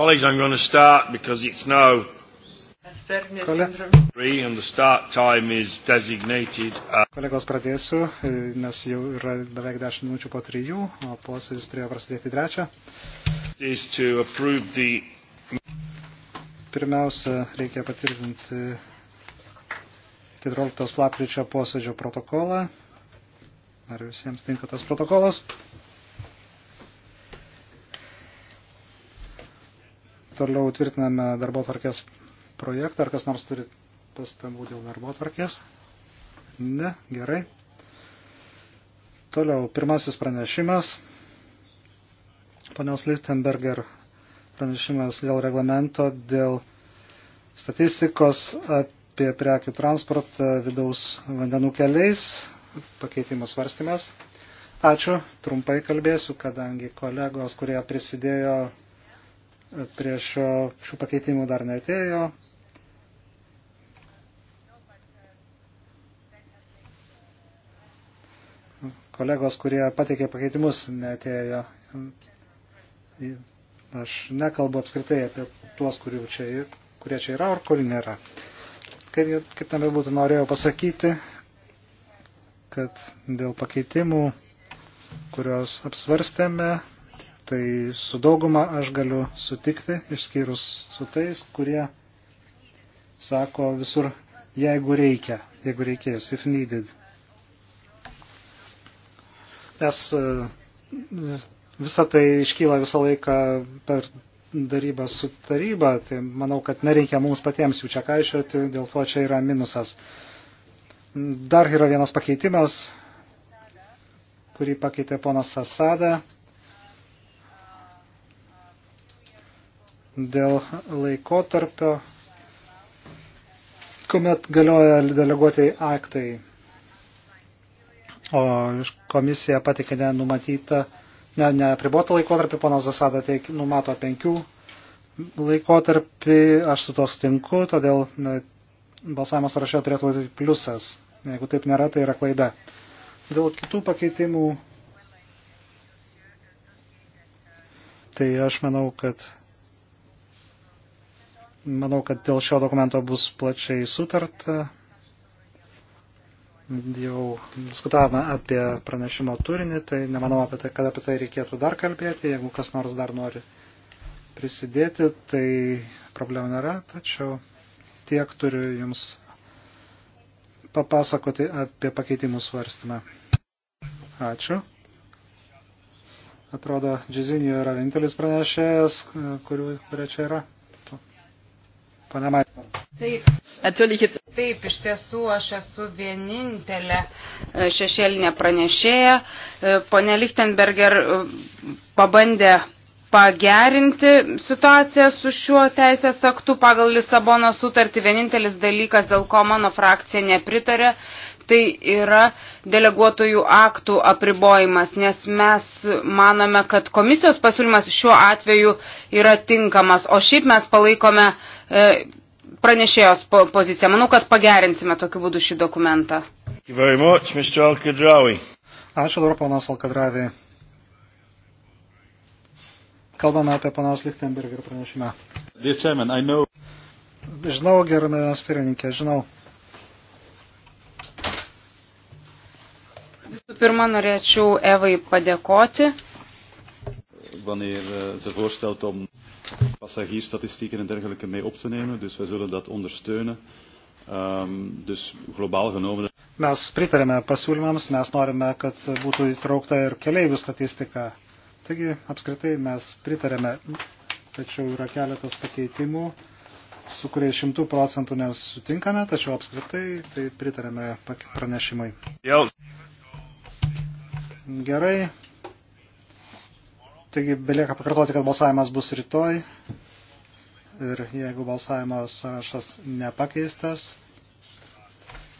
Colleagues, I'm going to start because it's now three and the start time is designated. Uh, Kolegos pradėsiu, e, nes jau yra beveik 10 minučių po trijų, o posėdis turėjo prasidėti trečią. The... Pirmiausia, reikia patvirtinti 14 lapkričio posėdžio protokolą. Ar visiems tinka tas protokolas? toliau tvirtiname darbo tvarkės projektą. Ar kas nors turi pastabų dėl darbo tvarkės? Ne, gerai. Toliau, pirmasis pranešimas. Ponios Lichtenberger pranešimas dėl reglamento, dėl statistikos apie prekių transportą vidaus vandenų keliais, pakeitimų svarstymas. Ačiū, trumpai kalbėsiu, kadangi kolegos, kurie prisidėjo prie šio, šių pakeitimų dar netėjo. Kolegos, kurie pateikė pakeitimus, netėjo. Aš nekalbu apskritai apie tuos, kurių čia, kurie čia yra ar kurių nėra. Kaip, kaip tam būtų, norėjau pasakyti, kad dėl pakeitimų, kuriuos apsvarstėme, tai su dauguma aš galiu sutikti, išskyrus su tais, kurie sako visur, jeigu reikia, jeigu reikės, if needed. Nes e, visa tai iškyla visą laiką per darybą su taryba, tai manau, kad nereikia mums patiems jų čia kaišioti, dėl to čia yra minusas. Dar yra vienas pakeitimas, kurį pakeitė ponas Asada. dėl laikotarpio, kuomet galioja deleguotai aktai. O komisija patikė nenumatytą, ne, nepribotą laikotarpį, ponas Zasada teik, numato penkių laikotarpį, aš su to sutinku, todėl balsavimas rašė turėtų būti pliusas. Jeigu taip nėra, tai yra klaida. Dėl kitų pakeitimų, tai aš manau, kad Manau, kad dėl šio dokumento bus plačiai sutarta. Jau diskutavome apie pranešimo turinį, tai nemanau, apie tai, kad apie tai reikėtų dar kalbėti. Jeigu kas nors dar nori prisidėti, tai problemų nėra, tačiau tiek turiu jums papasakoti apie pakeitimų svarstymą. Ačiū. Atrodo, Džizinio yra vienintelis pranešėjas, kuriuo čia yra. Pane Maisner. Taip, taip, iš tiesų aš esu vienintelė e, šešėlinė pranešėja. E, Pone Lichtenberger e, pabandė pagerinti situaciją su šiuo teisės aktu pagal Lisabono sutartį. Vienintelis dalykas, dėl ko mano frakcija nepritarė, tai yra deleguotojų aktų apribojimas, nes mes manome, kad komisijos pasiūlymas šiuo atveju yra tinkamas, o šiaip mes palaikome e, pranešėjos poziciją. Manau, kad pagerinsime tokiu būdu šį dokumentą. Much, Ačiū dabar, panas Alkadravi. Kalbame apie panas Lichtenberger pranešimą. Žinau, gerbiamas pirmininkė, žinau, Pirma, norėčiau Evai padėkoti. Wanneer eh, ze voorstelt om passagiersstatistieken en dergelijke mee op te nemen, dus wij zullen dat ondersteunen. Um, dus globaal genomen. Mes pritarėme pasiūlymams, mes norime, kad būtų įtraukta ir keleivių statistika. Taigi, apskritai, mes pritarėme, tačiau yra keletas pakeitimų, su kuriais šimtų procentų nesutinkame, tačiau apskritai tai pritarėme pranešimui. Jau. Gerai. Taigi belieka pakartoti, kad balsavimas bus rytoj. Ir jeigu balsavimo sąrašas nepakeistas,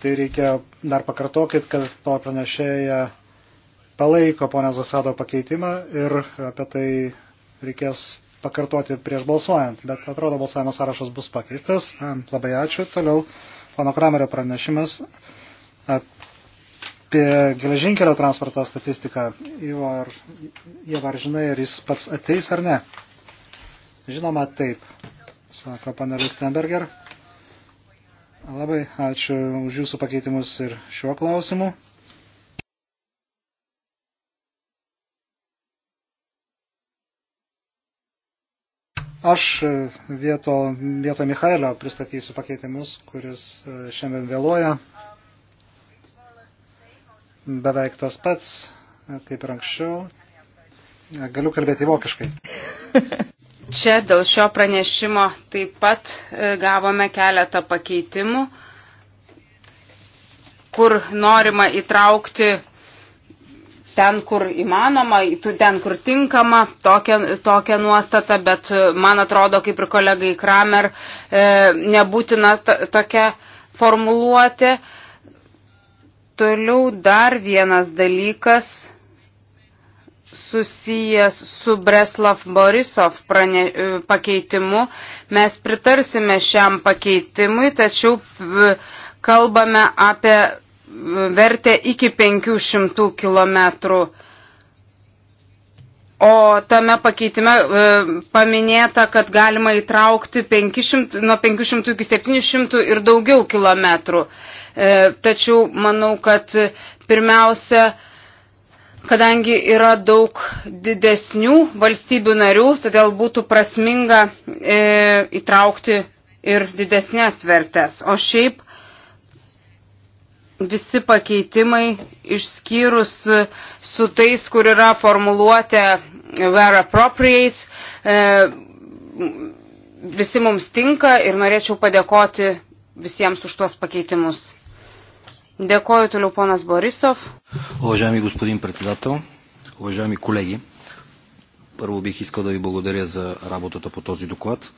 tai reikia dar pakartokit, kad to pranešėja palaiko ponę Zasado pakeitimą ir apie tai reikės pakartoti prieš balsuojant. Bet atrodo, balsavimo sąrašas bus pakeistas. Labai ačiū. Toliau pono Kramerio pranešimas apie apie geležinkelio transporto statistiką. Ivar, Ivar žinai, ar jis pats ateis ar ne? Žinoma, taip, sako pana Lichtenberger. Labai ačiū už jūsų pakeitimus ir šiuo klausimu. Aš vieto, vieto Michailio pristatysiu pakeitimus, kuris e, šiandien vėluoja beveik tas pats, kaip ir anksčiau. Galiu kalbėti vokiškai. Čia dėl šio pranešimo taip pat e, gavome keletą pakeitimų, kur norima įtraukti ten, kur įmanoma, ten, kur tinkama tokia, tokia nuostata, bet e, man atrodo, kaip ir kolegai Kramer, e, nebūtina tokia formuluoti. E, Toliau dar vienas dalykas susijęs su Breslav Borisov prane, e, pakeitimu. Mes pritarsime šiam pakeitimui, tačiau e, kalbame apie e, vertę iki 500 km. O tame pakeitime e, paminėta, kad galima įtraukti 500, nuo 500 iki 700 ir daugiau kilometrų. E, tačiau manau, kad pirmiausia, kadangi yra daug didesnių valstybių narių, todėl būtų prasminga e, įtraukti ir didesnės vertės. O šiaip visi pakeitimai išskyrus su tais, kur yra formuluotė where appropriate, e, visi mums tinka ir norėčiau padėkoti visiems už tuos pakeitimus. Dėkoju toliau ponas Borisov. Уважаеми господин председател, уважаеми колеги, първо бих искал да ви благодаря за работата по този доклад.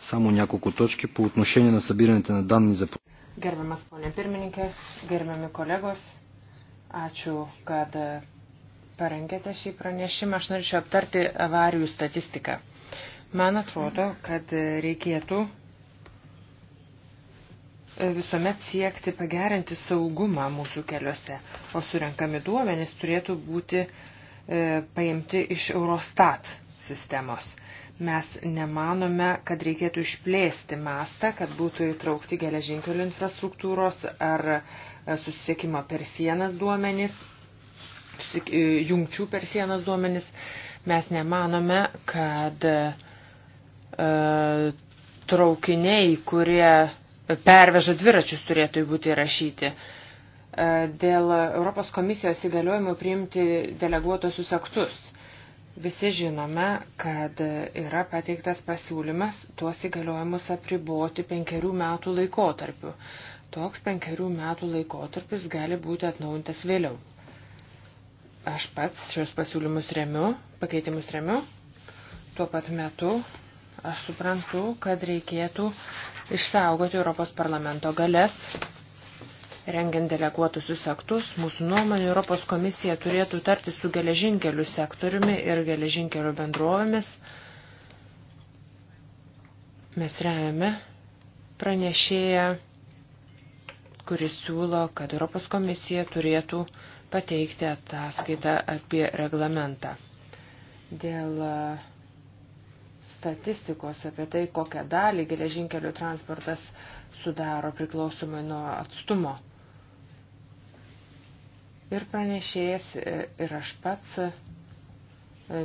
Само няколко точки по отношение на събирането на данни за... Gerbiamas ponė pirmininkė, gerbiami kolegos, ačiū, kad parengėte šį pranešimą. Aš norėčiau aptarti avarijų statistiką. Man atrodo, kad reikėtų visuomet siekti pagerinti saugumą mūsų keliuose, o surenkami duomenys turėtų būti e, paimti iš Eurostat sistemos. Mes nemanome, kad reikėtų išplėsti mastą, kad būtų įtraukti geležinkelių infrastruktūros ar e, susisiekimo per sienas duomenys, e, jungčių per sienas duomenys. Mes nemanome, kad e, traukiniai, kurie perveža dviračius turėtų būti įrašyti. E, dėl Europos komisijos įgaliojimų priimti deleguotosius aktus. Visi žinome, kad yra pateiktas pasiūlymas tuos įgaliojimus apriboti penkerių metų laikotarpiu. Toks penkerių metų laikotarpis gali būti atnaujintas vėliau. Aš pats šios pasiūlymus remiu, pakeitimus remiu. Tuo pat metu Aš suprantu, kad reikėtų išsaugoti Europos parlamento galės, rengiant deleguotusius aktus. Mūsų nuomonė Europos komisija turėtų tarti su geležinkelių sektoriumi ir geležinkelių bendrovėmis. Mes remiame pranešėją, kuris siūlo, kad Europos komisija turėtų pateikti ataskaitą apie reglamentą. Dėl uh, statistikos apie tai, kokią dalį geležinkelių transportas sudaro priklausomai nuo atstumo. Ir pranešėjas e, ir aš pats e,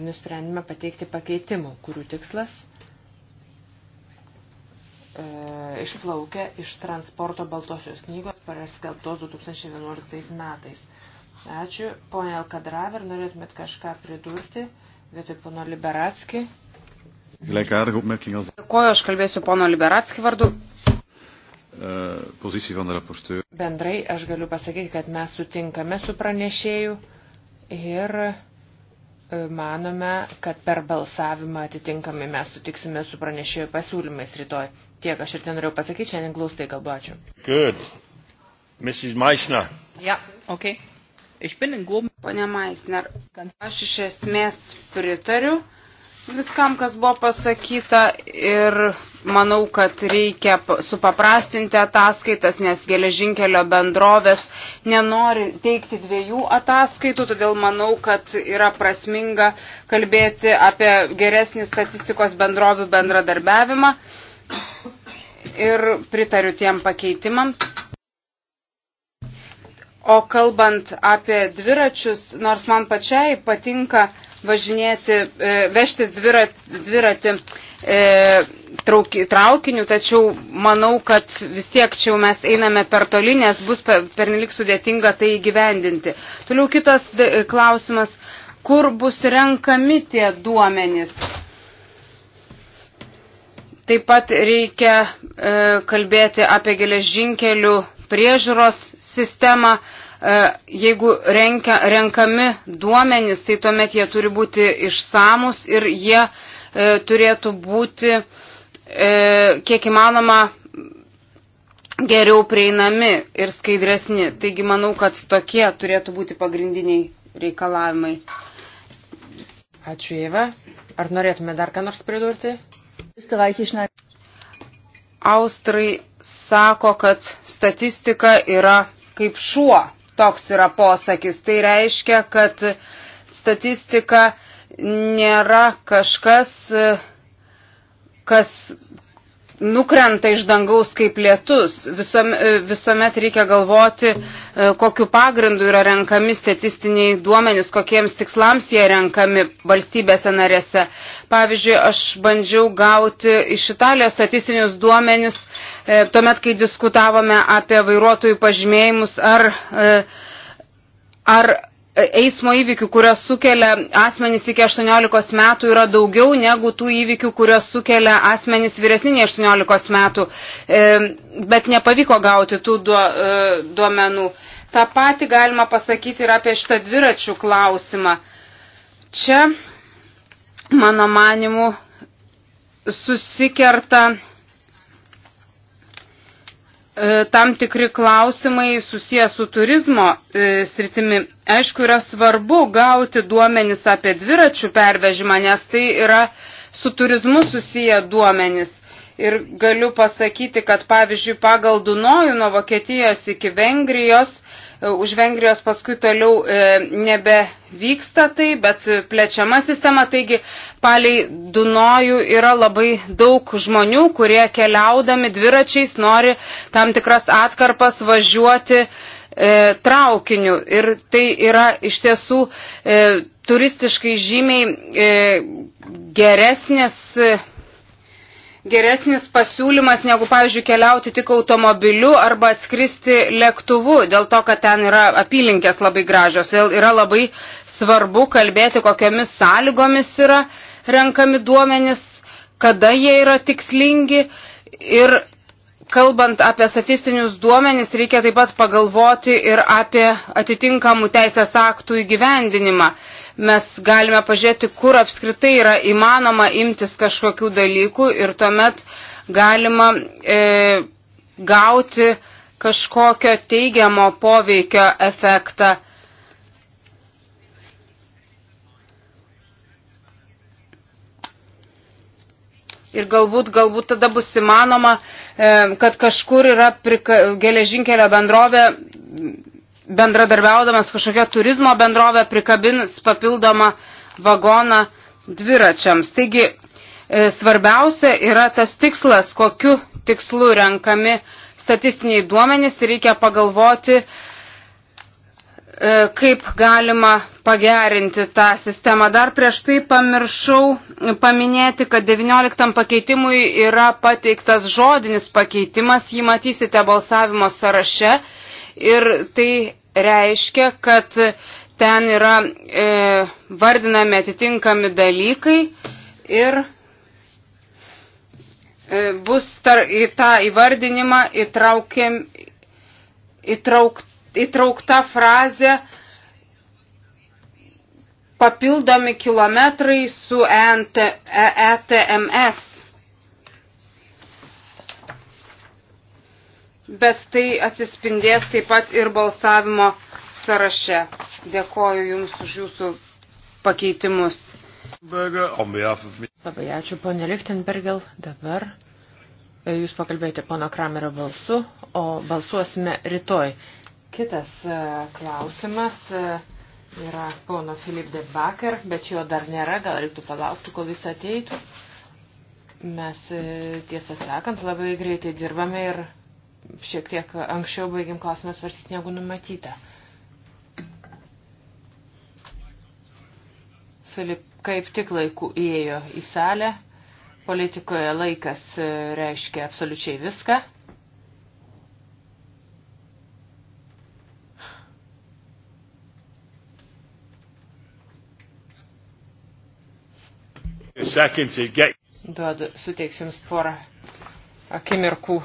nusprendėme pateikti pakeitimų, kurių tikslas e, išplaukia iš transporto baltosios knygos paskelbtos 2011 metais. Ačiū, ponė Alkadrav, ir norėtumėt kažką pridurti vietoj pono Liberatski. Dėkuoju, aš kalbėsiu pono Liberatski vardu. Eh, Bendrai aš galiu pasakyti, kad mes sutinkame su pranešėju ir e, manome, kad per balsavimą atitinkami mes sutiksime su pranešėjų pasiūlymais rytoj. Tiek aš ir ten norėjau pasakyti, šiandien glaustai kalbu, ačiū. Good. Mrs. Meissner. Ja, okay. Ich bin in Goben. Pone Meissner, aš iš esmės pritariu viskam, kas buvo pasakyta ir manau, kad reikia supaprastinti ataskaitas, nes geležinkelio bendrovės nenori teikti dviejų ataskaitų, todėl manau, kad yra prasminga kalbėti apie geresnį statistikos bendrovių bendradarbiavimą ir pritariu tiem pakeitimam. O kalbant apie dviračius, nors man pačiai patinka, uh, važinėti, e, vežtis dviratį, dviratį e, traukiniu, tačiau manau, kad vis tiek čia jau mes einame per toli, nes bus pernelik sudėtinga tai įgyvendinti. Toliau kitas klausimas, kur bus renkami tie duomenys? Taip pat reikia e, kalbėti apie geležinkelių priežiūros sistemą. E, E, jeigu renka, renkami duomenys, tai tuomet jie turi būti išsamus ir jie e, turėtų būti e, kiek įmanoma geriau prieinami ir skaidresni. Taigi manau, kad tokie turėtų būti pagrindiniai reikalavimai. Ačiū, Eva. Ar norėtume dar ką nors pridurti? Austrai sako, kad statistika yra kaip šuo toks yra posakis. Tai reiškia, kad statistika nėra kažkas, kas, nukrenta iš dangaus kaip lietus. Visom, e, visuomet reikia galvoti, e, kokiu pagrindu yra renkami statistiniai duomenys, kokiems tikslams jie renkami valstybėse narėse. Pavyzdžiui, aš bandžiau gauti iš Italijos statistinius duomenys, e, tuomet, kai diskutavome apie vairuotojų pažymėjimus ar, ar eismo įvykių, kurios sukelia asmenys iki 18 metų, yra daugiau negu tų įvykių, kurios sukelia asmenys vyresniniai 18 metų, e, bet nepavyko gauti tų e, duomenų. Ta pati galima pasakyti ir apie šitą dviračių klausimą. Čia, mano manimu, susikerta E, tam tikri klausimai susijęs su turizmo e, sritimi. Aišku, yra svarbu gauti duomenis apie dviračių pervežimą, nes tai yra su turizmu susiję duomenis. Ir galiu pasakyti, kad pavyzdžiui, pagal Dunojų nuo Vokietijos iki Vengrijos už Vengrijos paskui toliau e, nebevyksta tai, bet plečiama sistema, taigi paliai Dunojų yra labai daug žmonių, kurie keliaudami dviračiais nori tam tikras atkarpas važiuoti e, traukiniu ir tai yra iš tiesų e, turistiškai žymiai geresnės geresnis pasiūlymas negu, pavyzdžiui, keliauti tik automobiliu arba atskristi lėktuvu, dėl to, kad ten yra apylinkės labai gražios. Dėl yra labai svarbu kalbėti, kokiomis sąlygomis yra renkami duomenys, kada jie yra tikslingi ir kalbant apie statistinius duomenys, reikia taip pat pagalvoti ir apie atitinkamų teisės aktų įgyvendinimą mes galime pažiūrėti, kur apskritai yra įmanoma imtis kažkokių dalykų ir tuomet galima e, gauti kažkokio teigiamo poveikio efektą. Ir galbūt, galbūt tada bus įmanoma, e, kad kažkur yra prika, geležinkelio bendrovė bendradarbiaudamas kažkokia turizmo bendrovė prikabins papildomą vagoną dviračiams. Taigi e, svarbiausia yra tas tikslas, kokiu tikslu renkami statistiniai duomenys ir reikia pagalvoti, e, kaip galima pagerinti tą sistemą. Dar prieš tai pamiršau paminėti, kad 19 pakeitimui yra pateiktas žodinis pakeitimas, jį matysite balsavimo sąraše ir tai reiškia, kad ten yra e, vardinami atitinkami dalykai ir e, bus tar, į tą įvardinimą įtraukiam, įtrauk, įtraukta frazė papildomi kilometrai su ETMS. bet tai atsispindės taip pat ir balsavimo sąraše. Dėkoju Jums už Jūsų pakeitimus. Labai ačiū, ponė Lichtenbergel. Dabar e, Jūs pakalbėjote pono Kramerio balsu, o balsuosime rytoj. Kitas e, klausimas e, yra pono Filip de Baker, bet jo dar nėra, gal reiktų palaukti, kol jis ateitų. Mes tiesą sakant labai greitai dirbame ir šiek tiek anksčiau baigim klausimą svarstyti negu numatyta. Filip kaip tik laiku įėjo į salę. Politikoje laikas e, reiškia absoliučiai viską. Duodu, suteiksiu jums porą akimirkų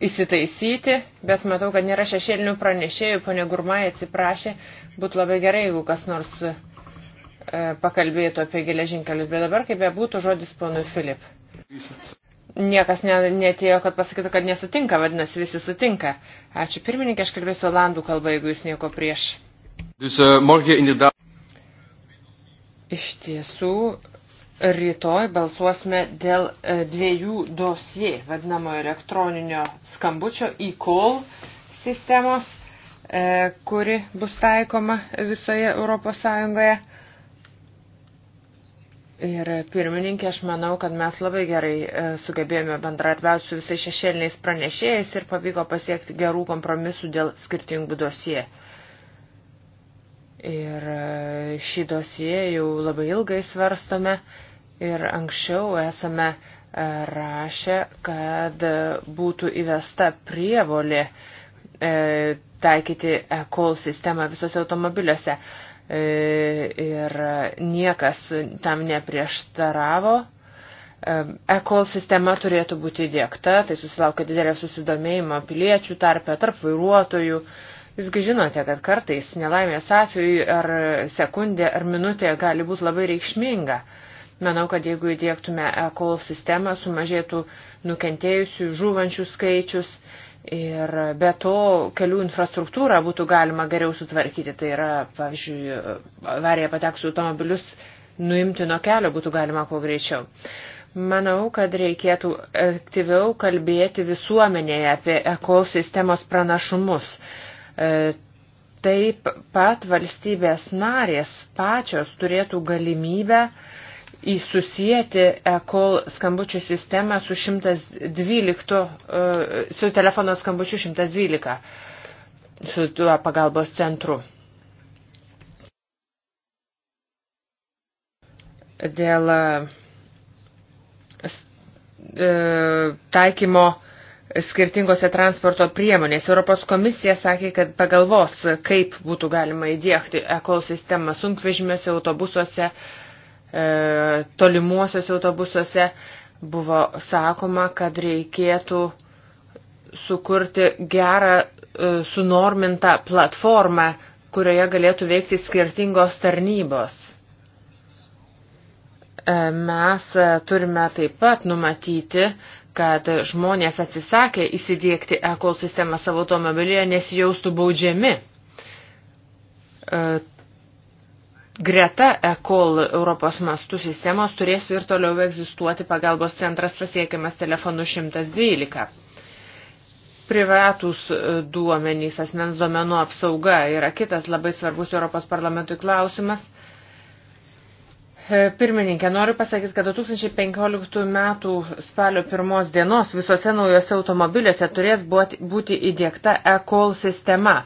įsitaisyti, bet matau, kad nėra šešėlinių pranešėjų, ponė Gurmai atsiprašė, būtų labai gerai, jeigu kas nors e, pakalbėtų apie geležinkelius, bet dabar kaip bebūtų žodis ponui Filip. Niekas ne, netėjo, kad pasakytų, kad nesutinka, vadinasi, visi sutinka. Ačiū pirmininkė, aš kalbėsiu olandų kalbą, jeigu jūs nieko prieš. Dus, uh, morgen inderdaad. Iš tiesų, rytoj balsuosime dėl e, dviejų dosie, vadinamojo elektroninio skambučio e-call sistemos, e, kuri bus taikoma visoje Europos Sąjungoje. Ir e, pirmininkė, aš manau, kad mes labai gerai sugebėjome bendradarbiauti su visais šešėliniais pranešėjais ir pavyko pasiekti gerų kompromisų dėl skirtingų dosie. Ir šį dosie jau labai ilgai svarstome Ir anksčiau esame e, rašę, kad būtų įvesta prievolė e, taikyti e-call sistemą visose automobiliuose. E, ir niekas tam neprieštaravo. E-call sistema turėtų būti įdėkta, tai susilaukia didelio susidomėjimo piliečių tarpe, tarp vairuotojų. Jūsgi žinote, kad kartais nelaimės atveju ar sekundė ar minutė gali būti labai reikšminga. Manau, kad jeigu įdėktume e-call sistemą, sumažėtų nukentėjusių, žuvančių skaičius ir be to kelių infrastruktūrą būtų galima geriau sutvarkyti. Tai yra, pavyzdžiui, avarija patekusių automobilius nuimti nuo kelio būtų galima kuo greičiau. Manau, kad reikėtų aktyviau kalbėti visuomenėje apie e-call sistemos pranašumus. E, taip pat valstybės narės pačios turėtų galimybę uh, įsusijęti e-call skambučių sistemą su, 112, e, su telefono skambučiu 112, su tuo pagalbos centru. Dėl e, e, taikymo skirtingose transporto priemonės. Europos komisija sakė, kad pagalvos, kaip būtų galima įdėkti ekosistemą sunkvežimiuose, autobusuose, uh, E, tolimuosiuose autobusuose buvo sakoma, kad reikėtų sukurti gerą e, sunormintą platformą, kurioje galėtų veikti skirtingos tarnybos. E, mes turime taip pat numatyti, kad žmonės atsisakė įsidėkti e-call sistemą savo automobilyje, nes jaustų baudžiami greta ECOL Europos mastų sistemos turės ir toliau egzistuoti pagalbos centras pasiekiamas telefonu 112. Privatus e, duomenys, asmens duomenų apsauga yra kitas labai svarbus Europos parlamentui klausimas. E, pirmininkė, noriu pasakyti, kad 2015 metų spalio pirmos dienos visose naujose automobiliuose turės būti įdėkta e-call sistema.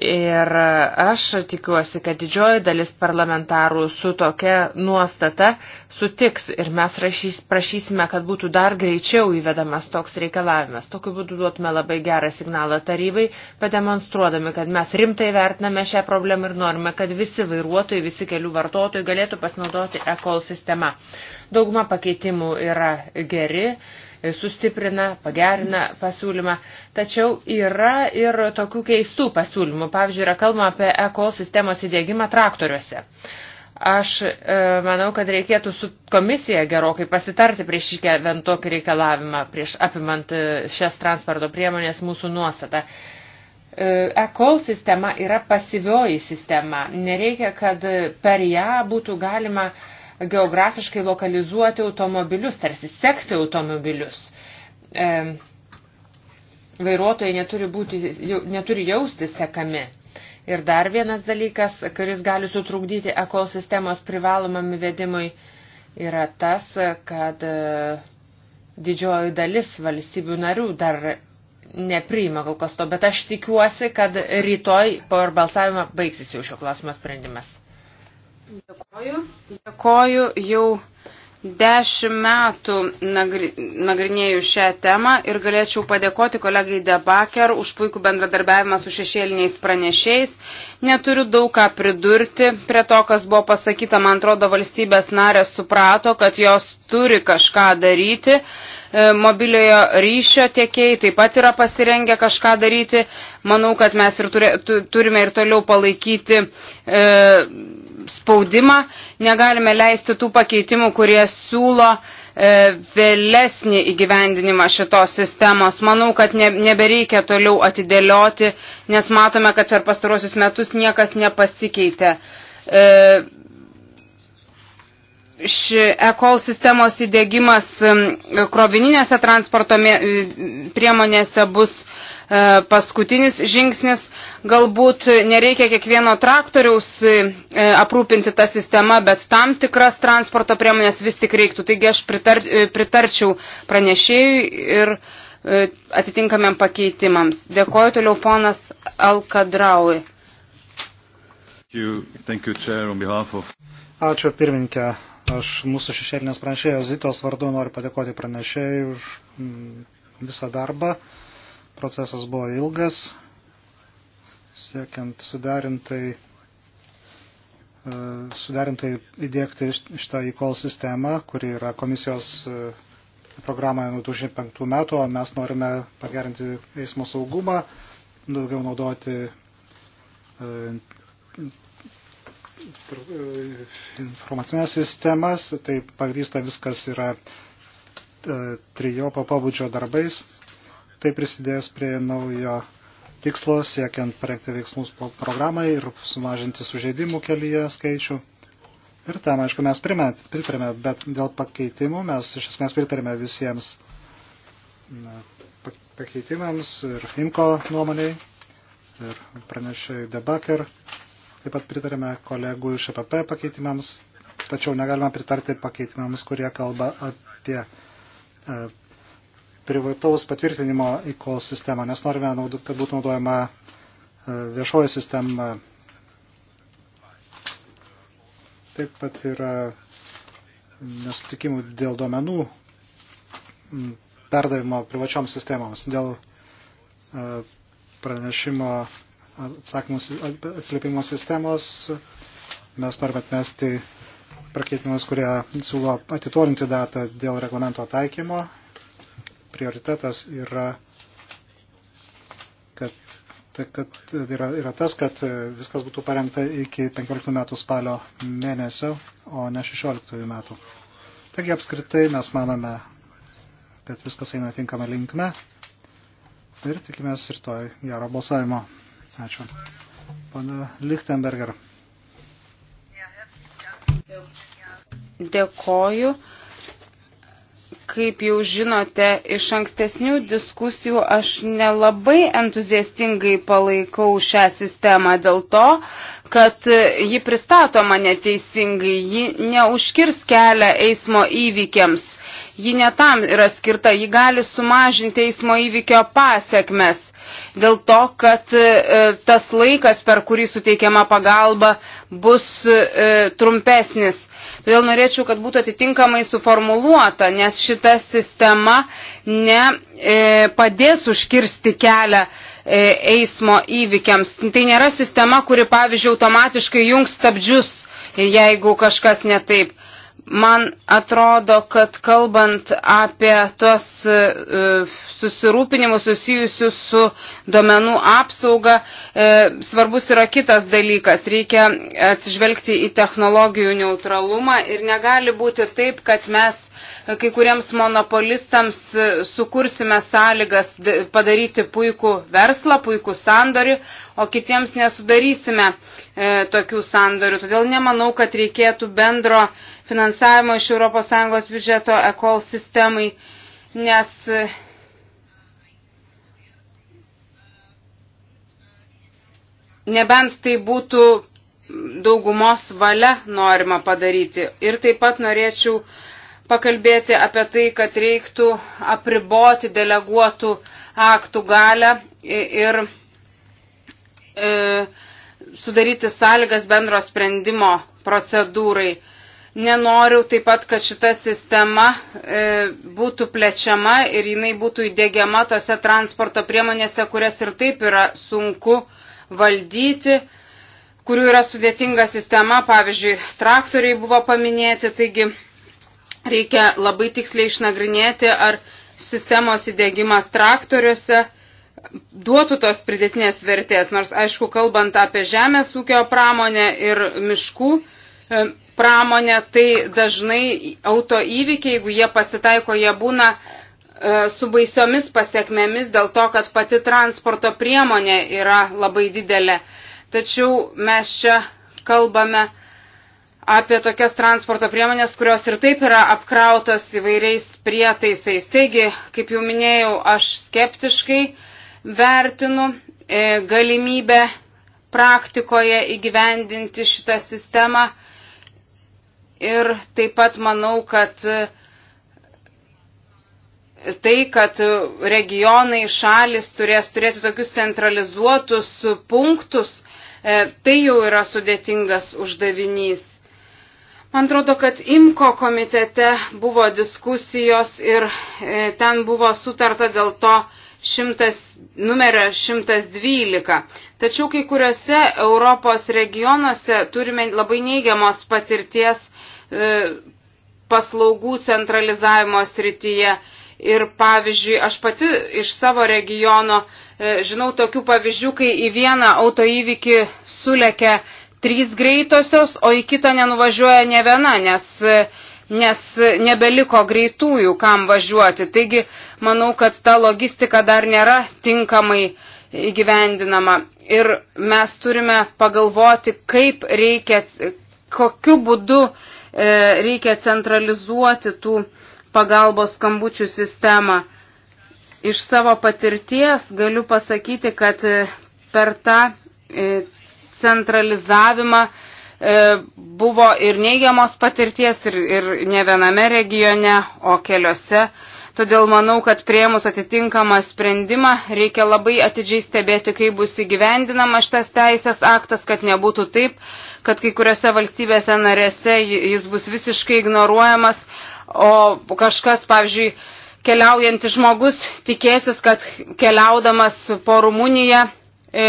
Ir aš tikiuosi, kad didžioji dalis parlamentarų su tokia nuostata sutiks ir mes rašys, prašysime, kad būtų dar greičiau įvedamas toks reikalavimas. Tokiu būdu duotume labai gerą signalą tarybai, pademonstruodami, kad mes rimtai vertiname šią problemą ir norime, kad visi vairuotojai, visi kelių vartotojai galėtų pasinaudoti e-call sistema. Dauguma pakeitimų yra geri E, sustiprina, pagerina pasiūlymą. Tačiau yra ir tokių keistų pasiūlymų. Pavyzdžiui, yra kalbama apie ekosistemos įdėgymą traktoriuose. Aš e, manau, kad reikėtų su komisija gerokai pasitarti prieš įkevent tokį reikalavimą, prieš apimant e, šias transporto priemonės mūsų nuostatą. E, e-call sistema yra pasyvioji sistema. Nereikia, kad per ją būtų galima e, geografiškai lokalizuoti automobilius, tarsi sekti automobilius. E, vairuotojai neturi, būti, jau, neturi jausti sekami. Ir dar vienas dalykas, kuris gali sutrukdyti ekosistemos privalomam įvedimui, yra tas, kad e, didžioji dalis valstybių narių dar nepriima kol kas to, bet aš tikiuosi, kad rytoj po balsavimą baigsis jau šio klausimo sprendimas. Dėkoju. Dėkoju jau dešimt metų nagri, nagrinėjau šią temą ir galėčiau padėkoti kolegai Debaker už puikų bendradarbiavimą su šešėliniais pranešėjais. Neturiu daug ką pridurti prie to, kas buvo pasakyta. Man atrodo, valstybės narės suprato, kad jos turi kažką daryti. E, mobiliojo ryšio tiekėjai taip pat yra pasirengę kažką daryti. Manau, kad mes ir turė, turime ir toliau palaikyti. E, spaudimą, negalime leisti tų pakeitimų, kurie siūlo e, vėlesnį įgyvendinimą šitos sistemos. Manau, kad ne, nebereikia toliau atidėlioti, nes matome, kad per pastarosius metus niekas nepasikeitė. E, ši e-call sistemos įdėgymas krovininėse transporto priemonėse bus e, paskutinis žingsnis. Galbūt nereikia kiekvieno traktoriaus e, aprūpinti tą sistemą, bet tam tikras transporto priemonės vis tik reiktų. Taigi aš pritar, e, pritarčiau pranešėjui ir atitinkamiam pakeitimams. Dėkoju toliau ponas Alkadraui. Ačiū pirmininkė Aš mūsų šešėlinės pranešėjos Zitos vardu noriu padėkoti pranešėjai už mm, visą darbą. Procesas buvo ilgas, siekiant sudarintai, e, sudarintai įdėkti šitą e-call sistemą, kuri yra komisijos e, programoje nuo 2005 metų, o mes norime pagerinti eismo saugumą, daugiau naudoti e, informacinės sistemas, tai pagrysta viskas yra e, trijopo pabudžio darbais. Tai prisidės prie naujo tikslo siekiant parengti veiksmus programai ir sumažinti sužeidimų kelyje skaičių. Ir tam, aišku, mes pritarėme, bet dėl pakeitimų mes iš esmės pritarėme visiems pakeitimams ir Finko nuomoniai ir pranešėjai Debaker Taip pat pritarėme kolegų iš APP e pakeitimams, tačiau negalima pritarti pakeitimams, kurie kalba apie e, privataus patvirtinimo ICO sistemą, nes norime, kad būtų naudojama e, viešoji sistema. Taip pat yra nesutikimų dėl duomenų perdavimo privačioms sistemoms, dėl e, pranešimo atsiliepimo sistemos. Mes norime atmesti prakeitimus, kurie siūlo atitolinti datą dėl reglamento taikymo. Prioritetas yra, kad, ta, kad yra, yra tas, kad viskas būtų paremta iki 15 metų spalio mėnesio, o ne 16 metų. Taigi apskritai mes manome, kad viskas eina tinkama linkme ir tikimės rytoj gero balsavimo. Ačiū. Pana Lichtenberger. Dėkoju. Kaip jau žinote, iš ankstesnių diskusijų aš nelabai entuziastingai palaikau šią sistemą dėl to, kad ji pristatoma neteisingai, ji neužkirs kelią eismo įvykiams ji netam yra skirta, ji gali sumažinti eismo įvykio pasiekmes dėl to, kad e, tas laikas, per kurį suteikiama pagalba, bus e, trumpesnis. Todėl norėčiau, kad būtų atitinkamai suformuluota, nes šita sistema nepadės e, užkirsti kelią eismo įvykiams. Tai nėra sistema, kuri, pavyzdžiui, automatiškai jungs stabdžius, jeigu kažkas netaip man atrodo, kad kalbant apie tuos e, susirūpinimus susijusius su duomenų apsauga, e, svarbus yra kitas dalykas. Reikia atsižvelgti į technologijų neutralumą ir negali būti taip, kad mes e, kai kuriems monopolistams sukursime sąlygas padaryti puikų verslą, puikų sandorį, o kitiems nesudarysime e, tokių sandorių. Todėl nemanau, kad reikėtų bendro finansavimo iš ES biudžeto ECOL sistemai, nes nebent tai būtų daugumos valia norima padaryti. Ir taip pat norėčiau pakalbėti apie tai, kad reiktų apriboti deleguotų aktų galę ir e, sudaryti sąlygas bendro sprendimo procedūrai. E, Nenoriu taip pat, kad šita sistema e, būtų plečiama ir jinai būtų įdėgiama tose transporto priemonėse, kurias ir taip yra sunku valdyti, kurių yra sudėtinga sistema, pavyzdžiui, traktoriai buvo paminėti, taigi reikia labai tiksliai išnagrinėti, ar sistemos įdėgymas traktoriuose duotų tos pridėtinės vertės, nors aišku, kalbant apie žemės ūkio pramonę ir miškų, e, pramonę, tai dažnai autoįvykiai, jeigu jie pasitaiko, jie būna e, su baisiomis pasiekmėmis dėl to, kad pati transporto priemonė yra labai didelė. Tačiau mes čia kalbame apie tokias transporto priemonės, kurios ir taip yra apkrautos įvairiais prietaisais. Taigi, kaip jau minėjau, aš skeptiškai vertinu e, galimybę praktikoje įgyvendinti šitą sistemą. Ir taip pat manau, kad tai, kad regionai, šalis turės turėti tokius centralizuotus punktus, e, tai jau yra sudėtingas uždavinys. Man atrodo, kad IMKO komitete buvo diskusijos ir e, ten buvo sutarta dėl to, šimtas, numerio 112. Tačiau kai kuriuose Europos regionuose turime labai neigiamos patirties E, paslaugų centralizavimo srityje. Ir pavyzdžiui, aš pati iš savo regiono e, žinau tokių pavyzdžių, kai į vieną autoįvykį sulekia trys greitosios, o į kitą nenuvažiuoja ne viena, nes, e, nes nebeliko greitųjų, kam važiuoti. Taigi, manau, kad ta logistika dar nėra tinkamai įgyvendinama. Ir mes turime pagalvoti, kaip reikia, kokiu būdu E, reikia centralizuoti tų pagalbos skambučių sistemą. Iš savo patirties galiu pasakyti, kad e, per tą e, centralizavimą buvo ir neigiamos patirties, ir, ir ne viename regione, o keliose Todėl manau, kad prieimus atitinkamą sprendimą reikia labai atidžiai stebėti, kaip bus įgyvendinama šitas teisės aktas, kad nebūtų taip, kad kai kuriuose valstybėse narėse jis bus visiškai ignoruojamas, o kažkas, pavyzdžiui, keliaujantis žmogus tikėsis, kad keliaudamas po Rumuniją, e,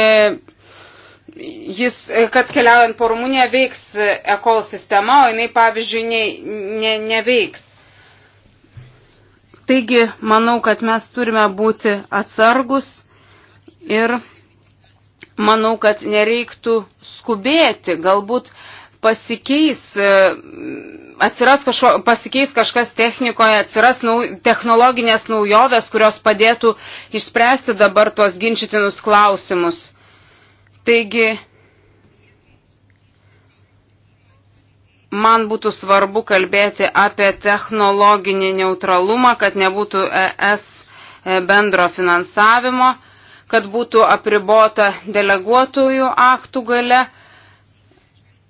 jis, kad keliaujant po Rumuniją veiks e, ekol sistema, o jinai, pavyzdžiui, ne, ne, neveiks. Taigi, manau, kad mes turime būti atsargus ir manau, kad nereiktų skubėti, galbūt pasikeis, e, atsiras kažko, pasikeis kažkas technikoje, atsiras nau, technologinės naujovės, kurios padėtų išspręsti dabar tuos ginčytinus klausimus. Taigi, man būtų svarbu kalbėti apie technologinį neutralumą, kad nebūtų ES bendro finansavimo, kad būtų apribota deleguotojų aktų gale,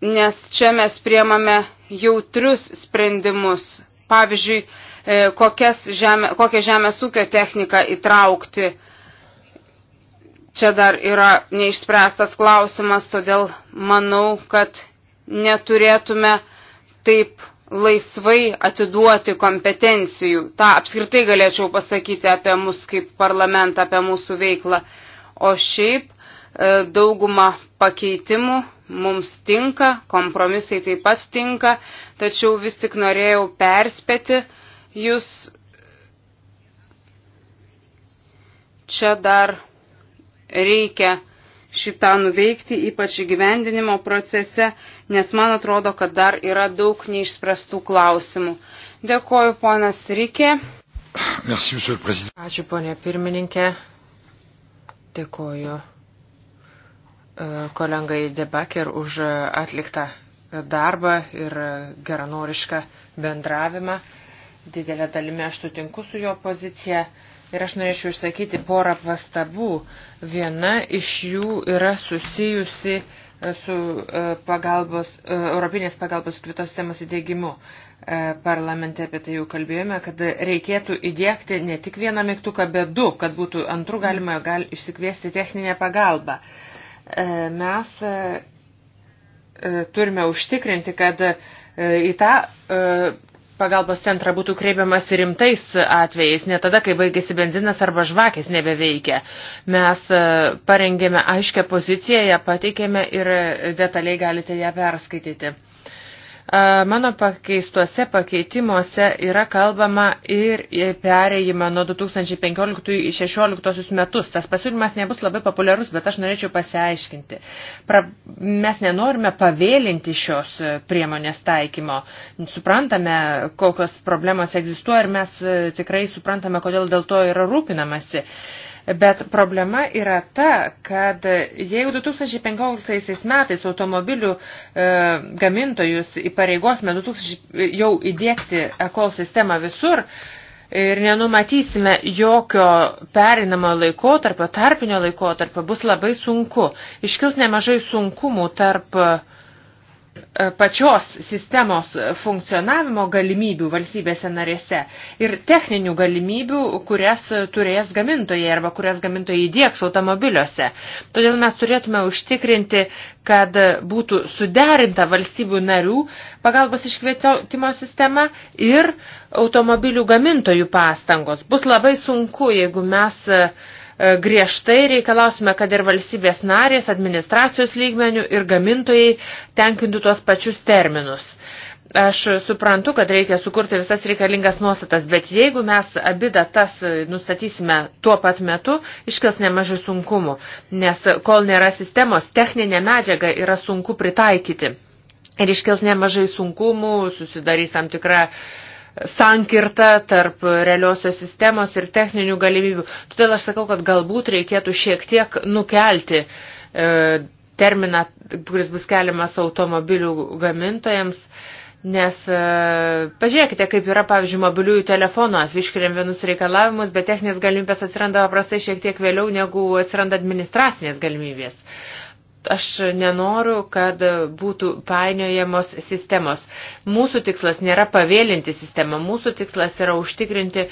nes čia mes priemame jautrius sprendimus. Pavyzdžiui, e, žemė, kokią žemės ūkio techniką įtraukti. Čia dar yra neišspręstas klausimas, todėl manau, kad neturėtume taip laisvai atiduoti kompetencijų. Ta apskritai galėčiau pasakyti apie mus kaip parlamentą, apie mūsų veiklą. O šiaip e, dauguma pakeitimų mums tinka, kompromisai taip pat tinka, tačiau vis tik norėjau perspėti jūs čia dar reikia šitą nuveikti, ypač įgyvendinimo procese, nes man atrodo, kad dar yra daug neišspręstų klausimų. Dėkoju, ponas Rikė. Merci, Ačiū, ponė pirmininkė. Dėkoju e, kolegai Debaker už atliktą darbą ir geranorišką bendravimą. Didelė dalimi aš sutinku su jo pozicija. Ir aš norėčiau išsakyti porą pastabų. Viena iš jų yra susijusi e, su e, pagalbos, e, Europinės pagalbos skirtos sistemos įdėgymu. Parlamente apie tai jau kalbėjome, kad reikėtų įdėkti ne tik vieną mygtuką, bet du, kad būtų antrų galima gal, išsikviesti techninę pagalbą. Mes turime užtikrinti, kad į tą pagalbos centrą būtų kreipiamas rimtais atvejais, ne tada, kai baigėsi benzinas arba žvakės nebeveikia. Mes e, parengėme aiškę poziciją, ją pateikėme ir e, detaliai galite ją perskaityti. Mano pakeistuose pakeitimuose yra kalbama ir perėjimą nuo 2015 į 2016 metus. Tas pasiūlymas nebus labai populiarus, bet aš norėčiau pasiaiškinti. Pra, mes nenorime pavėlinti šios e, priemonės taikymo. Suprantame, kokios problemos egzistuoja ir mes e, tikrai suprantame, kodėl dėl to yra rūpinamasi. Uh, Bet problema yra ta, kad jeigu 2015 metais automobilių e, gamintojus įpareigosime jau įdėkti ekol sistemą visur ir nenumatysime jokio perinamo laikotarpio, tarpinio laikotarpio, bus labai sunku. Iškils nemažai sunkumų tarp e, E, pačios sistemos funkcionavimo galimybių valstybėse narėse ir techninių galimybių, kurias turės gamintojai arba kurias gamintojai įdėks automobiliuose. Todėl mes turėtume užtikrinti, kad būtų suderinta valstybių narių pagalbos iškvietimo sistema ir automobilių gamintojų pastangos. Bus labai sunku, jeigu mes uh, E, griežtai reikalausime, kad ir valstybės narės, administracijos lygmenių ir gamintojai tenkintų tuos pačius terminus. Aš suprantu, kad reikia sukurti visas reikalingas nuostatas, bet jeigu mes abi datas nustatysime tuo pat metu, iškils nemažai sunkumų, nes kol nėra sistemos, techninė medžiaga yra sunku pritaikyti. Ir iškils nemažai sunkumų, susidarys tam tikra uh, sankirta tarp realiosios sistemos ir techninių galimybių. Todėl aš sakau, kad galbūt reikėtų šiek tiek nukelti e, terminą, kuris bus keliamas automobilių gamintojams, nes e, pažiūrėkite, kaip yra, pavyzdžiui, mobiliųjų telefonų atviškiriam vienus reikalavimus, bet techninės galimybės atsiranda paprastai šiek tiek vėliau, negu atsiranda administracinės galimybės. E, aš nenoriu, kad būtų painiojamos sistemos. Mūsų tikslas nėra pavėlinti sistemą, mūsų tikslas yra užtikrinti e,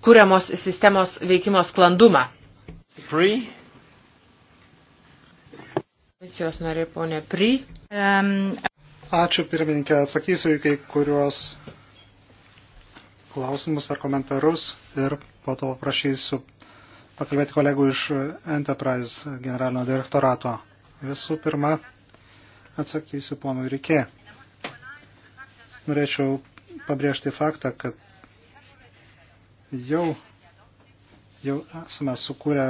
kuriamos sistemos veikimo sklandumą. Pri. Komisijos norė ponė Pri. Um, Ačiū pirmininkė, atsakysiu į kai kuriuos klausimus ar komentarus ir po to paprašysiu pakalbėti kolegų iš Enterprise generalinio direktorato. Visų pirma, atsakysiu ponui Rikė. Norėčiau pabrėžti faktą, kad jau, jau esame sukūrę